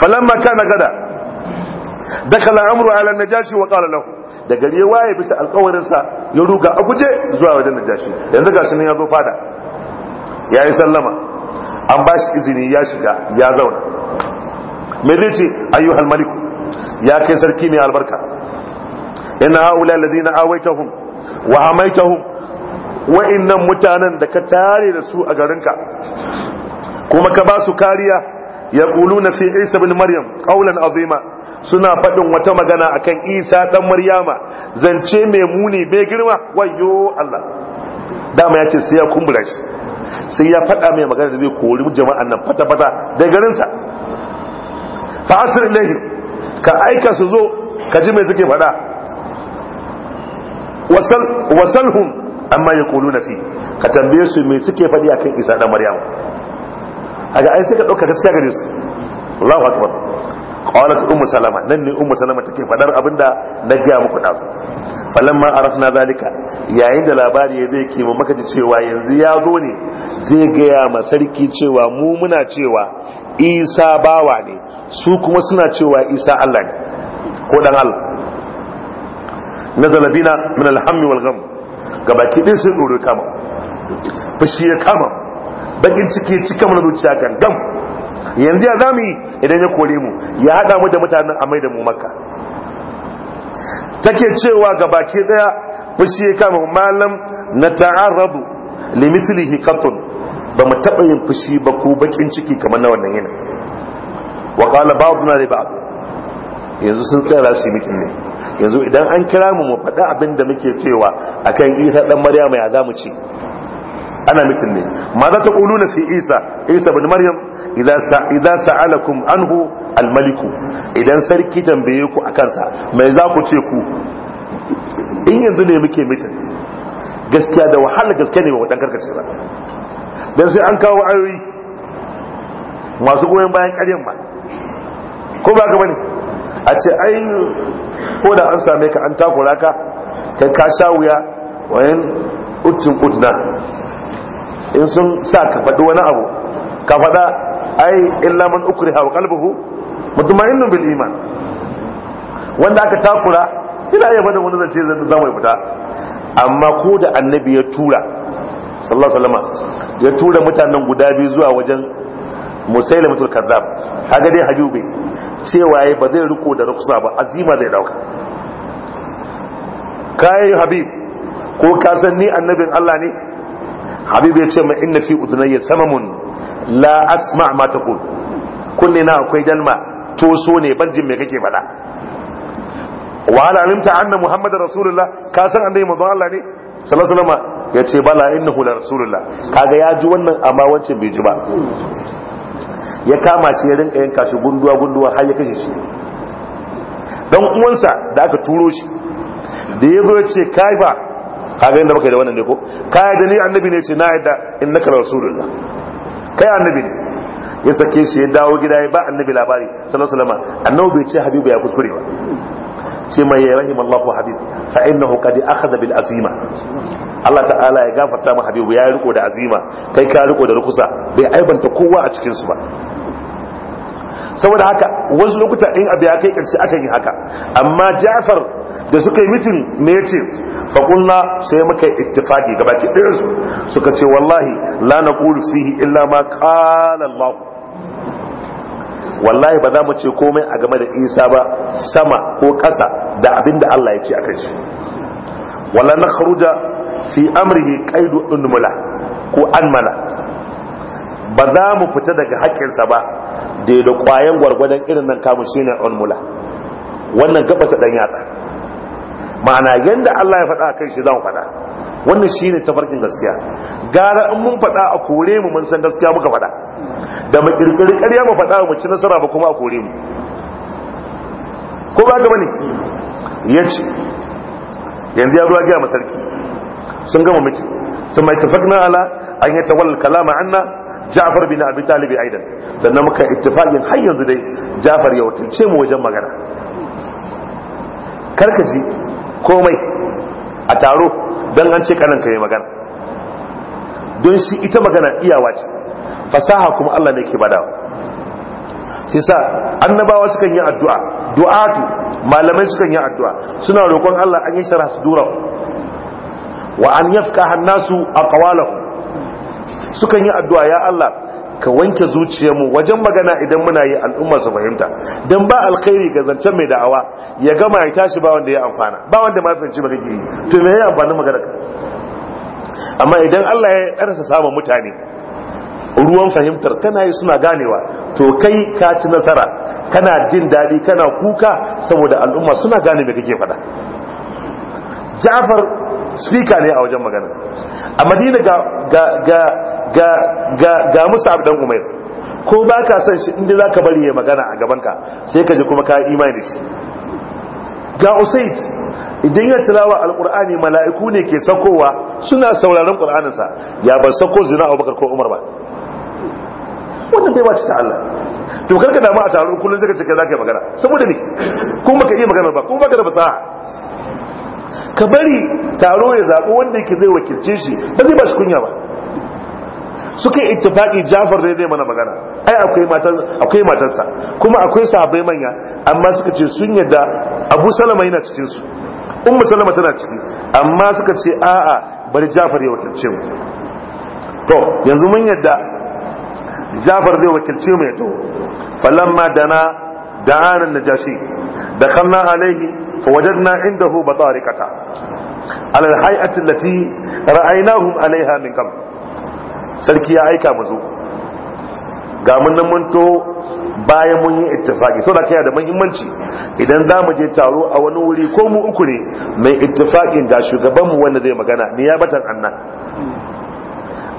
falamma kana gada dakala amru ala najashi wa qala lahu da gari waye bisa sa ya ruga a guje zuwa wajen najashi yanzu ga sunan ya zo fada yayi sallama an ba shi izini ya shiga ya zauna me zai ce ayyuhal maliku ya kai sarki mai albarka inna haula alladhina awaitahum wa hamaitahum wa innan mutanen da ka tare da su a garinka kuma ka ba su kariya yaquluna fi isa ibn maryam qawlan azima suna faɗin wata magana akan isa dan maryama zance mai muni bai girma wayo Allah dama ya ce sai ya kumbura shi sai ya faɗa mai magana da zai kori jama'an nan fata-fata da garinsa fa asr ilayhi ka aika su zo ka ji mai suke faɗa wasalhum amma ya kulu na fi ka tambaye su mai suke faɗi akan isa ɗan maryam a ga ai ka ɗauka gaskiya gare su Allahu akbar qalat umar salama nan ne umar salama take faɗar abin da na gaya muku da falamma arafna zalika yayin da labari ya zai kima maka cewa yanzu ya zo ne zai gaya ma sarki cewa mu muna cewa isa bawa ne su kuma suna cewa isa Allah ne ko dan Allah nazala bina min alhammi wal gham gabaki din sun dore kama fashi ya kama bakin ciki cika mana zuciya gam yanzu ya zamu yi idan ya kore mu ya hada mu da mutanen a mai da mu makka take cewa gabaki daya fashi ya kama malam na ta'arrabu limithlihi qatun ba mu taba yin fushi ba ko bakin ciki kamar na wannan yana wa qala ba'duna li ba'd yanzu sun tsara su mitin ne yanzu idan an kira mu mu faɗa abin da muke cewa a kan isa ɗan maryam ya za mu ce ana mitin ne ma za ta na fi isa isa bin maryam idan sa'alakum anhu almaliku idan sarki tambaye ku a kansa, mai za ku ce ku in yanzu ne muke mitin gaskiya da wahala gaskiya ne ba ɗan karkace ba dan sai an kawo ayoyi masu goyon bayan ƙaryan ba. ko ba ka bane a ce ai ko da an same ka an takura ka kai ka sha wuya wayan utun utna in sun sa ka faɗi wani abu ka faɗa ai illa man ukriha wa qalbuhu mutma'innun bil iman wanda aka takura ina iya bada wani zance zan zama fita amma ko da annabi ya tura sallallahu alaihi wasallam ya tura mutanen guda biyu zuwa wajen musailamatul kazzab kaga dai hajube cewa yayi ba zai riko da ruksa ba azima zai dauka kai habib ko ka san ni annabin Allah ne habib ya ce mai inna fi udunayya samamun la asma ma taqul kunne na akwai dalma to so ne ban jin me kake faɗa wa ala alimta anna muhammadar rasulullah ka san annabi manzon Allah ne sallallahu alaihi wasallam ya ce bala innahu la rasulullah kaga ya ji wannan amma wancan bai ji ba ya kama shi ya rinka yanka shi gunduwa gunduwa har ya kashe shi dan uwansa da aka turo shi da ya zo ya ce kaifa kaga inda baka da wannan ne ko kai da ni annabi ne ce na yadda innaka rasulullah kai annabi ne ya sake shi ya dawo gida ya ba annabi labari sallallahu alaihi wasallam annabi bai ce habibu ya kuskure ba ce mai ya rahim Allah ko habib fa innahu qad akhadha bil azima Allah ta'ala ya gafarta ma habibu ya riko da azima kai ka riko da rukusa bai aibanta kowa a cikin su ba saboda haka wasu lokuta in abu ya kai karshe akan yi haka amma Ja'far da suka yi mitin me yace fa kunna sai muka ittifaki gabaki ɗayan suka ce wallahi la naqulu fihi illa ma qala Allah wallahi ba za mu ce komai a game da isa ba sama ko ƙasa da abin da allah ya ce a kai shi wallan na kharuja fi amrihi qaidu unmula ko anmala ba za mu fita daga haƙƙinsa ba da da ƙwayan gwargwadon irin nan kamu shine unmula wannan gaba ta dan yatsa ma'ana yadda allah ya faɗa a kai shi zan faɗa wannan shine tafarkin gaskiya gara in mun faɗa a kore mu mun san gaskiya muka faɗa da mu kirkiri ƙarya mu fada mu ci nasara ba kuma a kore mu ko ba ga bane yace yanzu ya zo ga masarki sun gama miki sun mai tafakna ala an yi tawal kalama anna Ja'far bin Abi Talib aidan sannan muka ittifaqin har yanzu dai Ja'far ya wakilce mu wajen magana karkaji komai a taro don an ce kanan ka yi magana don shi ita magana iyawa ce fasaha kuma Allah ne ke bada shi sa annabawa sukan yi addu'a du'atu malamai sukan yi addu'a suna roƙon Allah an yi su dura wa an yafka hannasu a aqwalahum sukan yi addu'a ya Allah ka wanke zuciyarmu wajen magana idan muna yi al'umma su fahimta dan ba alkhairi ga zancen mai da'awa ya gama ya tashi ba wanda ya amfana ba wanda ma zance ba kake yi to me ya amfani magana amma idan Allah ya karasa samun mutane ruwan fahimtar kana yi suna ganewa to kai ka ci nasara kana jin daɗi kana kuka saboda al'umma suna gane me kake faɗa Ja'far speaker ne a wajen magana a Madina ga ga ga ga musab dan umair ko ba ka san shi inda zaka bari ya magana a gaban ka sai ka ji kuma ka imani shi ga usaid idan ya tilawa alqur'ani mala'iku ne ke sakowa suna sauraron qur'aninsa ya ban sako zina abubakar ko umar ba wannan bai wace ta Allah to karka damu a taron kullun zaka cika zaka magana saboda me kuma baka iya magana ba kuma baka da fasaha ka bari taro ya zabo wanda yake zai wakilce shi ba zai ba shi kunya ba suka yi ittifaki Jafar ne zai mana magana ai akwai matan akwai matarsa kuma akwai sahabbai manya amma suka ce sun yadda Abu Salama yana cikin su Ummu Salama tana ciki amma suka ce a'a bari Jafar ya wakilce mu to yanzu mun yadda Jafar zai wakilce mu ya to falamma dana da'ana najashi dakhalna alaihi fawajadna indahu batarikata على الهيئة التي رأيناهم عليها من قبل sarki ya aika mu zo ga mun nan mun to bayan mun yi ittifaki saboda kai da muhimmanci idan za mu je taro a wani wuri ko mu uku ne mai ittifakin ga shugaban mu wanda zai magana ni ya batan annan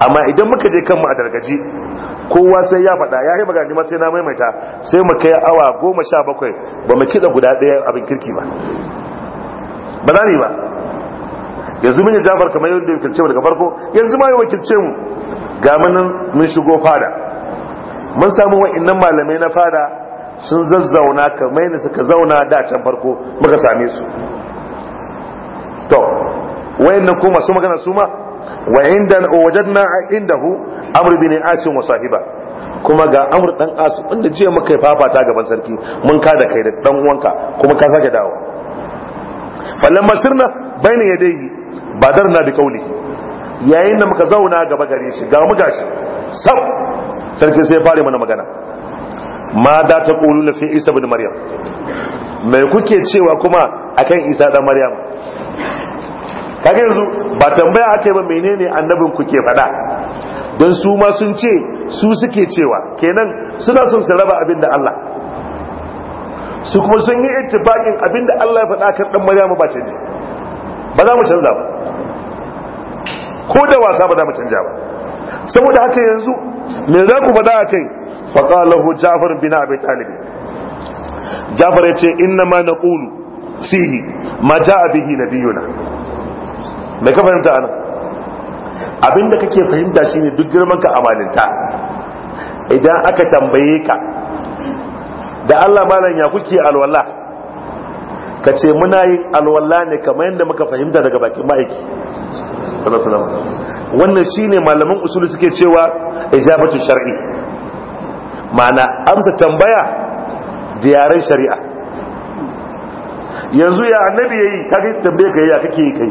amma idan muka je kanmu a dargaji kowa sai ya faɗa ya yi magana ma sai na maimaita sai mu kai awa goma sha bakwai ba mu kiɗa guda ɗaya abin kirki ba ba za ni ba yanzu mun yi jafar kamar yadda wakilce mu daga farko yanzu ma ya wakilce mu ga munin mun shigo fada mun samu wa'annan malamai na fada sun zazzauna kamar ne suka zauna da can farko muka same su to wayannan kuma su magana su ma wa inda wajadna indahu amr bin asim wa sahiba kuma ga amr dan asim inda jiya muka yi fafata gaban sarki mun ka da kai da dan uwanka kuma ka sake dawo falamma sirna bayna yadayhi badarna bi qawlihi yayin da muka zauna gaba gare shi ga muka shi sau sarki sai fari mana magana ma da ta kulu na fi isa bin maryam mai kuke cewa kuma akan isa dan maryam kaga yanzu ba tambaya ake ba menene annabin kuke ke faɗa don su ma sun ce su suke cewa kenan suna son su raba abin da Allah su kuma sun yi ittifaqin abin da Allah ya faɗa kan dan maryam ba ce ba za mu canza ba ko da wasa ba za mu canja ba saboda haka yanzu me za ku faɗa a kai faƙalahu jafar bin abi talib jafar ya ce inna ma na sihi ma ja'a bihi nabiyuna me ka fahimta anan abinda kake fahimta shine duk girman ka amalinta idan aka tambaye ka da Allah malam ya kuke alwala ka ce muna yin alwala ne kamar yadda muka fahimta daga bakin ma'aiki sallallahu shi ne wannan shine malaman usuli suke cewa ijabatu shar'i ma'ana amsa tambaya da yaren shari'a yanzu ya annabi yayi kage tambaye ka ya kake yi kai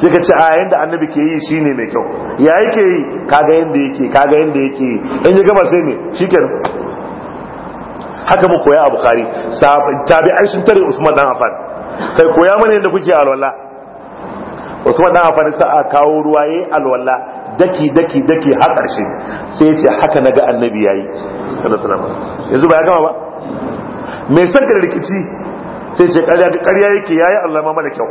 sai ka ce a yanda annabi ke yi shine mai kyau ya yake yi kaga yanda yake kaga yanda yake in ya gama sai ne shikenan haka mu koya a kari tabi'ai sun tare usman dan afan kai koya mana yadda kuke alwala Wasu wadda a fari sa'a kawo ruwa yayi alwala daki daki daki har karshe sai ce haka naga annabi yayi sallallahu yanzu ba ya gama ba me san ka rikici sai ce karya yake yayi Allah ma mala kyau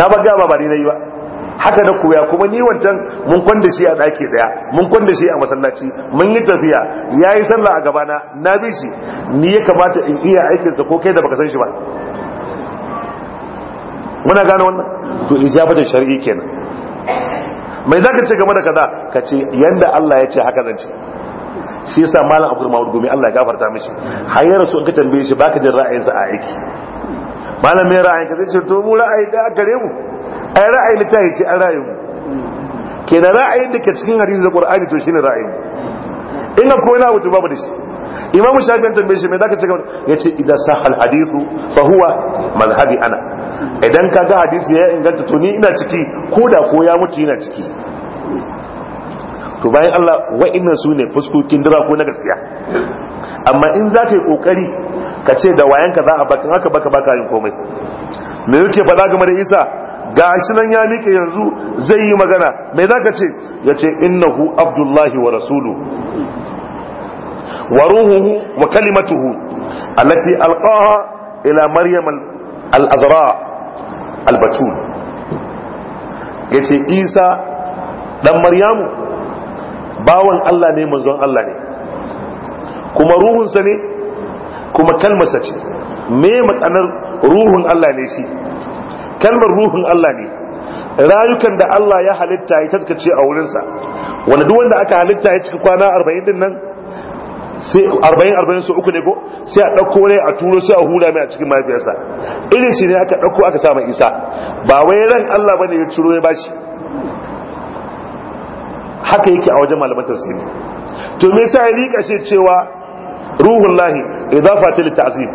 na ba ga ba ni nayi ba haka na koya kuma ni wancan mun kwanda shi a daki ɗaya mun kwanda shi a masallaci mun yi tafiya yayi sallah a gaba na na bi shi ni ya kamata in iya aikin sa ko kai da baka san shi ba muna gane wannan to ijabatin shar'i kenan mai zaka ce game da kaza ka ce yanda Allah ya ce haka zan ce shi yasa malam Abdul Mahmud Gumi Allah ya gafarta mishi har ya rasu ka tambaye shi baka jin ra'ayinsa a aiki malam mai ra'ayin ka zai ce to mu ra'ayi da gare mu ai ra'ayi littafi shi an ra'ayi mu kenan ra'ayin da ke cikin hadisi da Qur'ani to shine ra'ayi in ga kowa na wuce babu da shi imamu shafi'in tambaye shi me zaka ce ya ce idan sahal hadisu fa huwa mazhabi ana idan ka ga hadisi ya inganta to ni ina ciki ko da ko ya mutu ina ciki to bayan Allah inna su ne fuskokin dura ko na gaskiya amma in za ka yi kokari ka ce da wayanka za a bakin haka baka baka yin komai me yake faɗa game da Isa shi nan ya miƙe yanzu zai yi magana me za ka ce ya ce innahu abdullahi wa rasulu wa ruhuhu wa kalimatuhu allati alqaha ila maryam al'azara Albatun ya ce isa ɗan maryamu bawan Allah ne manzon Allah ne kuma ruhunsa ne kuma kalmasa ce me matsanar ruhun Allah ne shi kalmar ruhun Allah ne rayukan da Allah ya halitta ya taskace a wurinsa wanda duwanda aka halitta ya cika kwana arba'in din nan sai arba'in arba'in su uku ne ko sai a ɗauko wani a turo sai a hula mai a cikin mahaifiyarsa irin shi ne aka ɗauko aka sa mai isa ba wai ran allah bane ya turo ya shi? haka yake a wajen malaman tafsiri to me yasa ya rika shi cewa ruhun lahi idafa ta litazim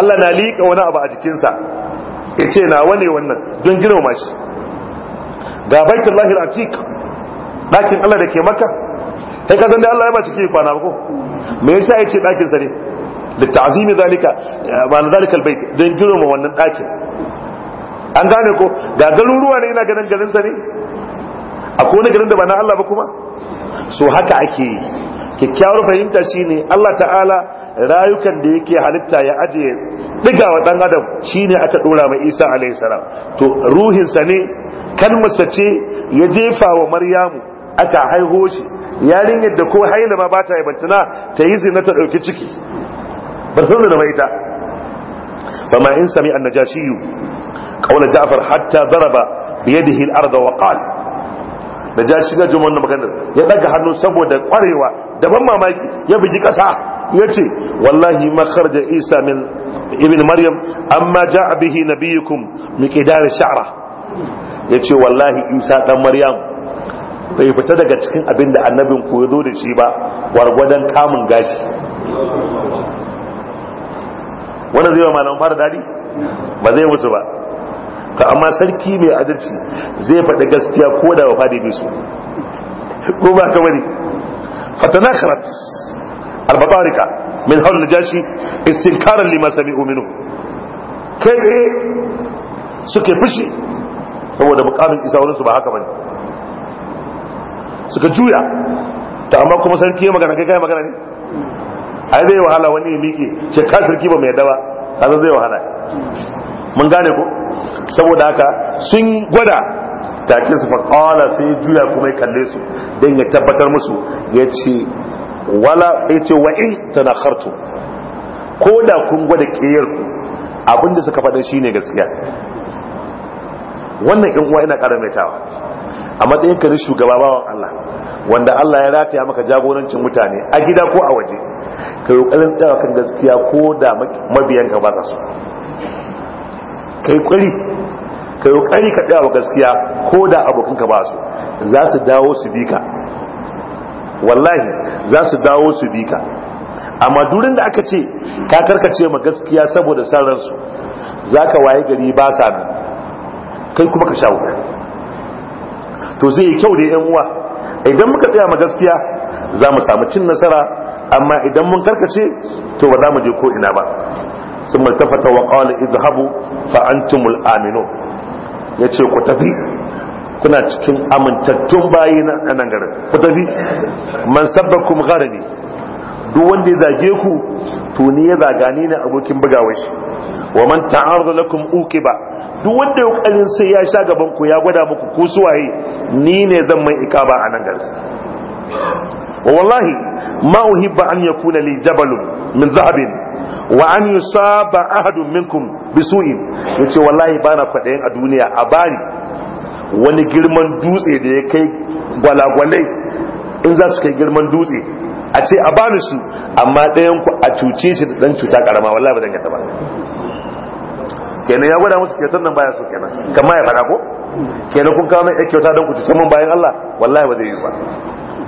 allah na liƙa wani abu a jikinsa ya ce na wane wannan don girmama shi ga baitullahi a atiq ɗakin allah da ke maka kai ka san da Allah ya ba ciki kwana ba ko me yasa ya ce dakin sa ne da ta'zimi zalika na zalikal bait dan girma wannan dakin an gane ko ga garuruwa ne ina ganin garin sa ne akwai wani garin da ba na Allah ba kuma so haka ake yi kyakkyawar fahimta shine Allah ta'ala rayukan da yake halitta ya ajiye diga wa dan adam shine aka dora mai Isa alayhi salam to ruhin sa ne kalmarsa ce ya jefa wa Maryamu aka haihoshi? shi yarinyar da ko haila ma ba ta yi bantana ta yi zina ta ɗauki ciki bar san da mai ita fa ma in sami annajashiyu qawla ja'far hatta zaraba bi yadihi al-ard wa najashi ga jumon na maganar ya daga hannu saboda kwarewa da ban mamaki ya bugi ƙasa. ya ce wallahi da isa min ibn maryam amma a bihi nabiyukum miqdar sha'ra ya ce wallahi isa dan maryam bai fita daga cikin abin da annabin ku zo da shi ba gwargwadon kamun gashi wannan zai wa malamin fara dadi ba zai musu ba ka amma sarki mai adalci zai faɗi gaskiya ko da wafa da su ko ba ka bari fatana kharat albatarika min hawl najashi istinkaran lima sami'u minhu kai suke fushi saboda mukamin isa wurin su ba haka bane suka juya ta amma kuma sarki ya magana kai kai magana ne ai zai wahala wani ya miƙe ce ka sarki ba mai dawa. ba zai wahala mun gane ko saboda haka sun gwada take su fa qala sai juya kuma ya kalle su dan ya tabbatar musu ya ce wala ce wa in tanakhartu ko da kun gwada kiyar ku abinda suka faɗa ne gaskiya wannan in uwa ina ƙara a matsayin ka shugaba bawan Allah wanda Allah ya rataya maka jagorancin mutane a gida ko a waje ka yi kokarin tsawakan kan gaskiya ko da mabiyan ka ba za su ka yi kokari ka yi kokari ka gaskiya ko da abokan ka ba su za su dawo su bi ka wallahi za su dawo su bi ka amma durin da aka ce ka karkace ma gaskiya saboda san ransu za ka waye gari ba sa nan kai kuma ka sha wuka to zai yi kyau da yan uwa idan muka tsaya ma gaskiya za mu samu cin nasara amma idan mun karkace to ba za mu je ko ina ba sun maltafata wa qala izhabu fa antumul aminu yace ku tafi kuna cikin amintattun bayi na nan garin ku tafi man sabbakum gharani duk wanda ya zage ku to ni ya zaga ni ne abokin bugawar shi wa man ta'arrada lakum uqiba duk wanda ya kokarin sai ya sha gaban ku ya gwada muku ku waye ni ne zan mai ikaba a nan gari wa wallahi ma uhibba an yakuna li jabalun min zahabin wa an yusaba ahadun minkum bisu'in yace wallahi bana kwadayin a duniya a bari wani girman dutse da ya kai gwalagwalai in za su kai girman dutse a ce a bani su amma ɗayan ku a cuce shi dan cuta karama wallahi ba zan yadda ba kenan ya gwada musu kyautar nan baya so kenan kamar ya fara ko kenan kun kawo mai kyauta don ku cuce mun bayan Allah wallahi ba zai yi ba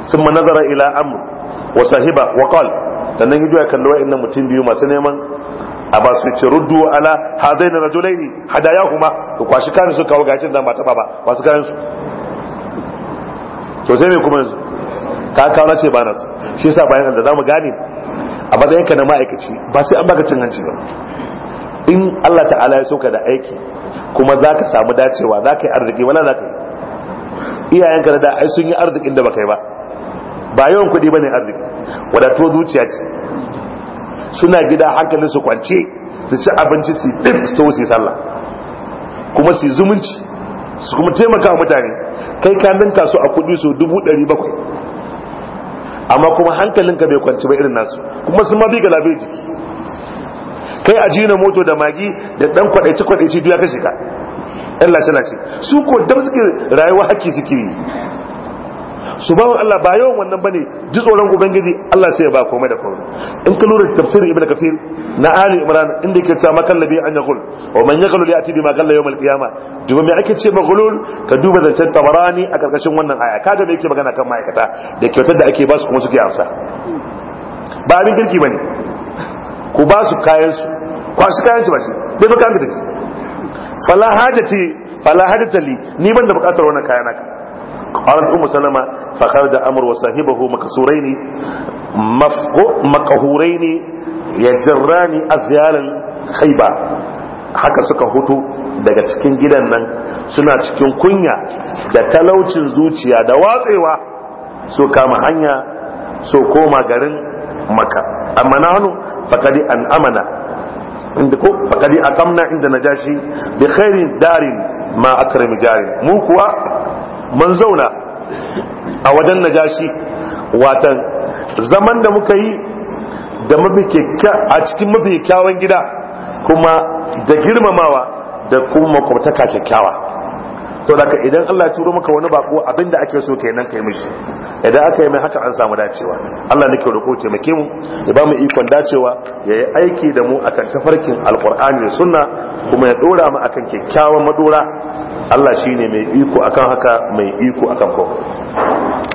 sun ma nazara ila amr wa sahiba wa qal sannan hijo ya kalli wa'annan mutum biyu masu neman a ba su ce ruddu ala hadain rajulaini hadayahuma to kwashi kan su kawo gacin da ba taba ba wasu kan su to sai me kuma yanzu ka kawo ce ba na shi yasa bayan da zamu gane a matsayin ka na ma'aikaci ba sai an baka cin hanci ba in Allah ta'ala ya soka da aiki kuma za samu dacewa za ka yi arziki wala zaka yi iyayenka ka da ai sun yi arzikin da baka yi ba ba yawan kuɗi ba ne arziki wadatuwar zuciya ce suna gida hankalin su kwance su ci abinci su dip su to su sallah kuma su zumunci su kuma taimaka mutane kai ka ninka su a kuɗi su dubu ɗari bakwai amma kuma hankalinka bai kwanci ba irin nasu kuma sun ma bi ga labe jiki kai ajina moto da magi da dan kwadaici kwadaici duk ka shiga Allah shi ce su ko da suke rayuwa hakki suke yi su bawan Allah ba yawan wannan bane ji tsoron ubangiji Allah sai ya ba komai da komai in ka lura tafsir ibnu kafir na ali imran inda yake cewa makallabi an yaqul wa man yaqulu li ati bima qalla yawm al-qiyama duba me ake ce maghlul ka duba zancen tabarani a karkashin wannan aya kaga me yake magana kan ma'aikata da kyautar da ake ba su kuma suke amsa ba abin kirki bane ku ba su kayan su kwashi kayan su ba shi bai baka da fala hajati fala hajata li ni ban da bukatar wannan kayan naka قالت أم سلمة فخرج أمر وصاحبه مكسورين مقهورين يجران أذيال خيبة haka suka hutu daga cikin gidan nan suna cikin kunya da talaucin zuciya da watsewa so kama hanya so koma garin maka amma na hannu fakadi an amana inda ko fakadi kamna inda najashi bi khairin darin ma akrami jarin mu kuwa mun zauna a wajen najashi watan zaman da muka yi da mafi a cikin mafi kyawun gida kuma da girmamawa da kuma makwabtaka kyakkyawa saboda ka idan Allah ya turo maka wani bako da ake so kenan kai mishi idan aka yi mai haka an samu dacewa Allah nake roƙo taimake mu ya ba mu ikon dacewa ya yi aiki da mu akan tafarkin alqur'ani da sunna kuma ya dora mu akan kyakkyawan madura Allah shine mai iko akan haka mai iko akan kowa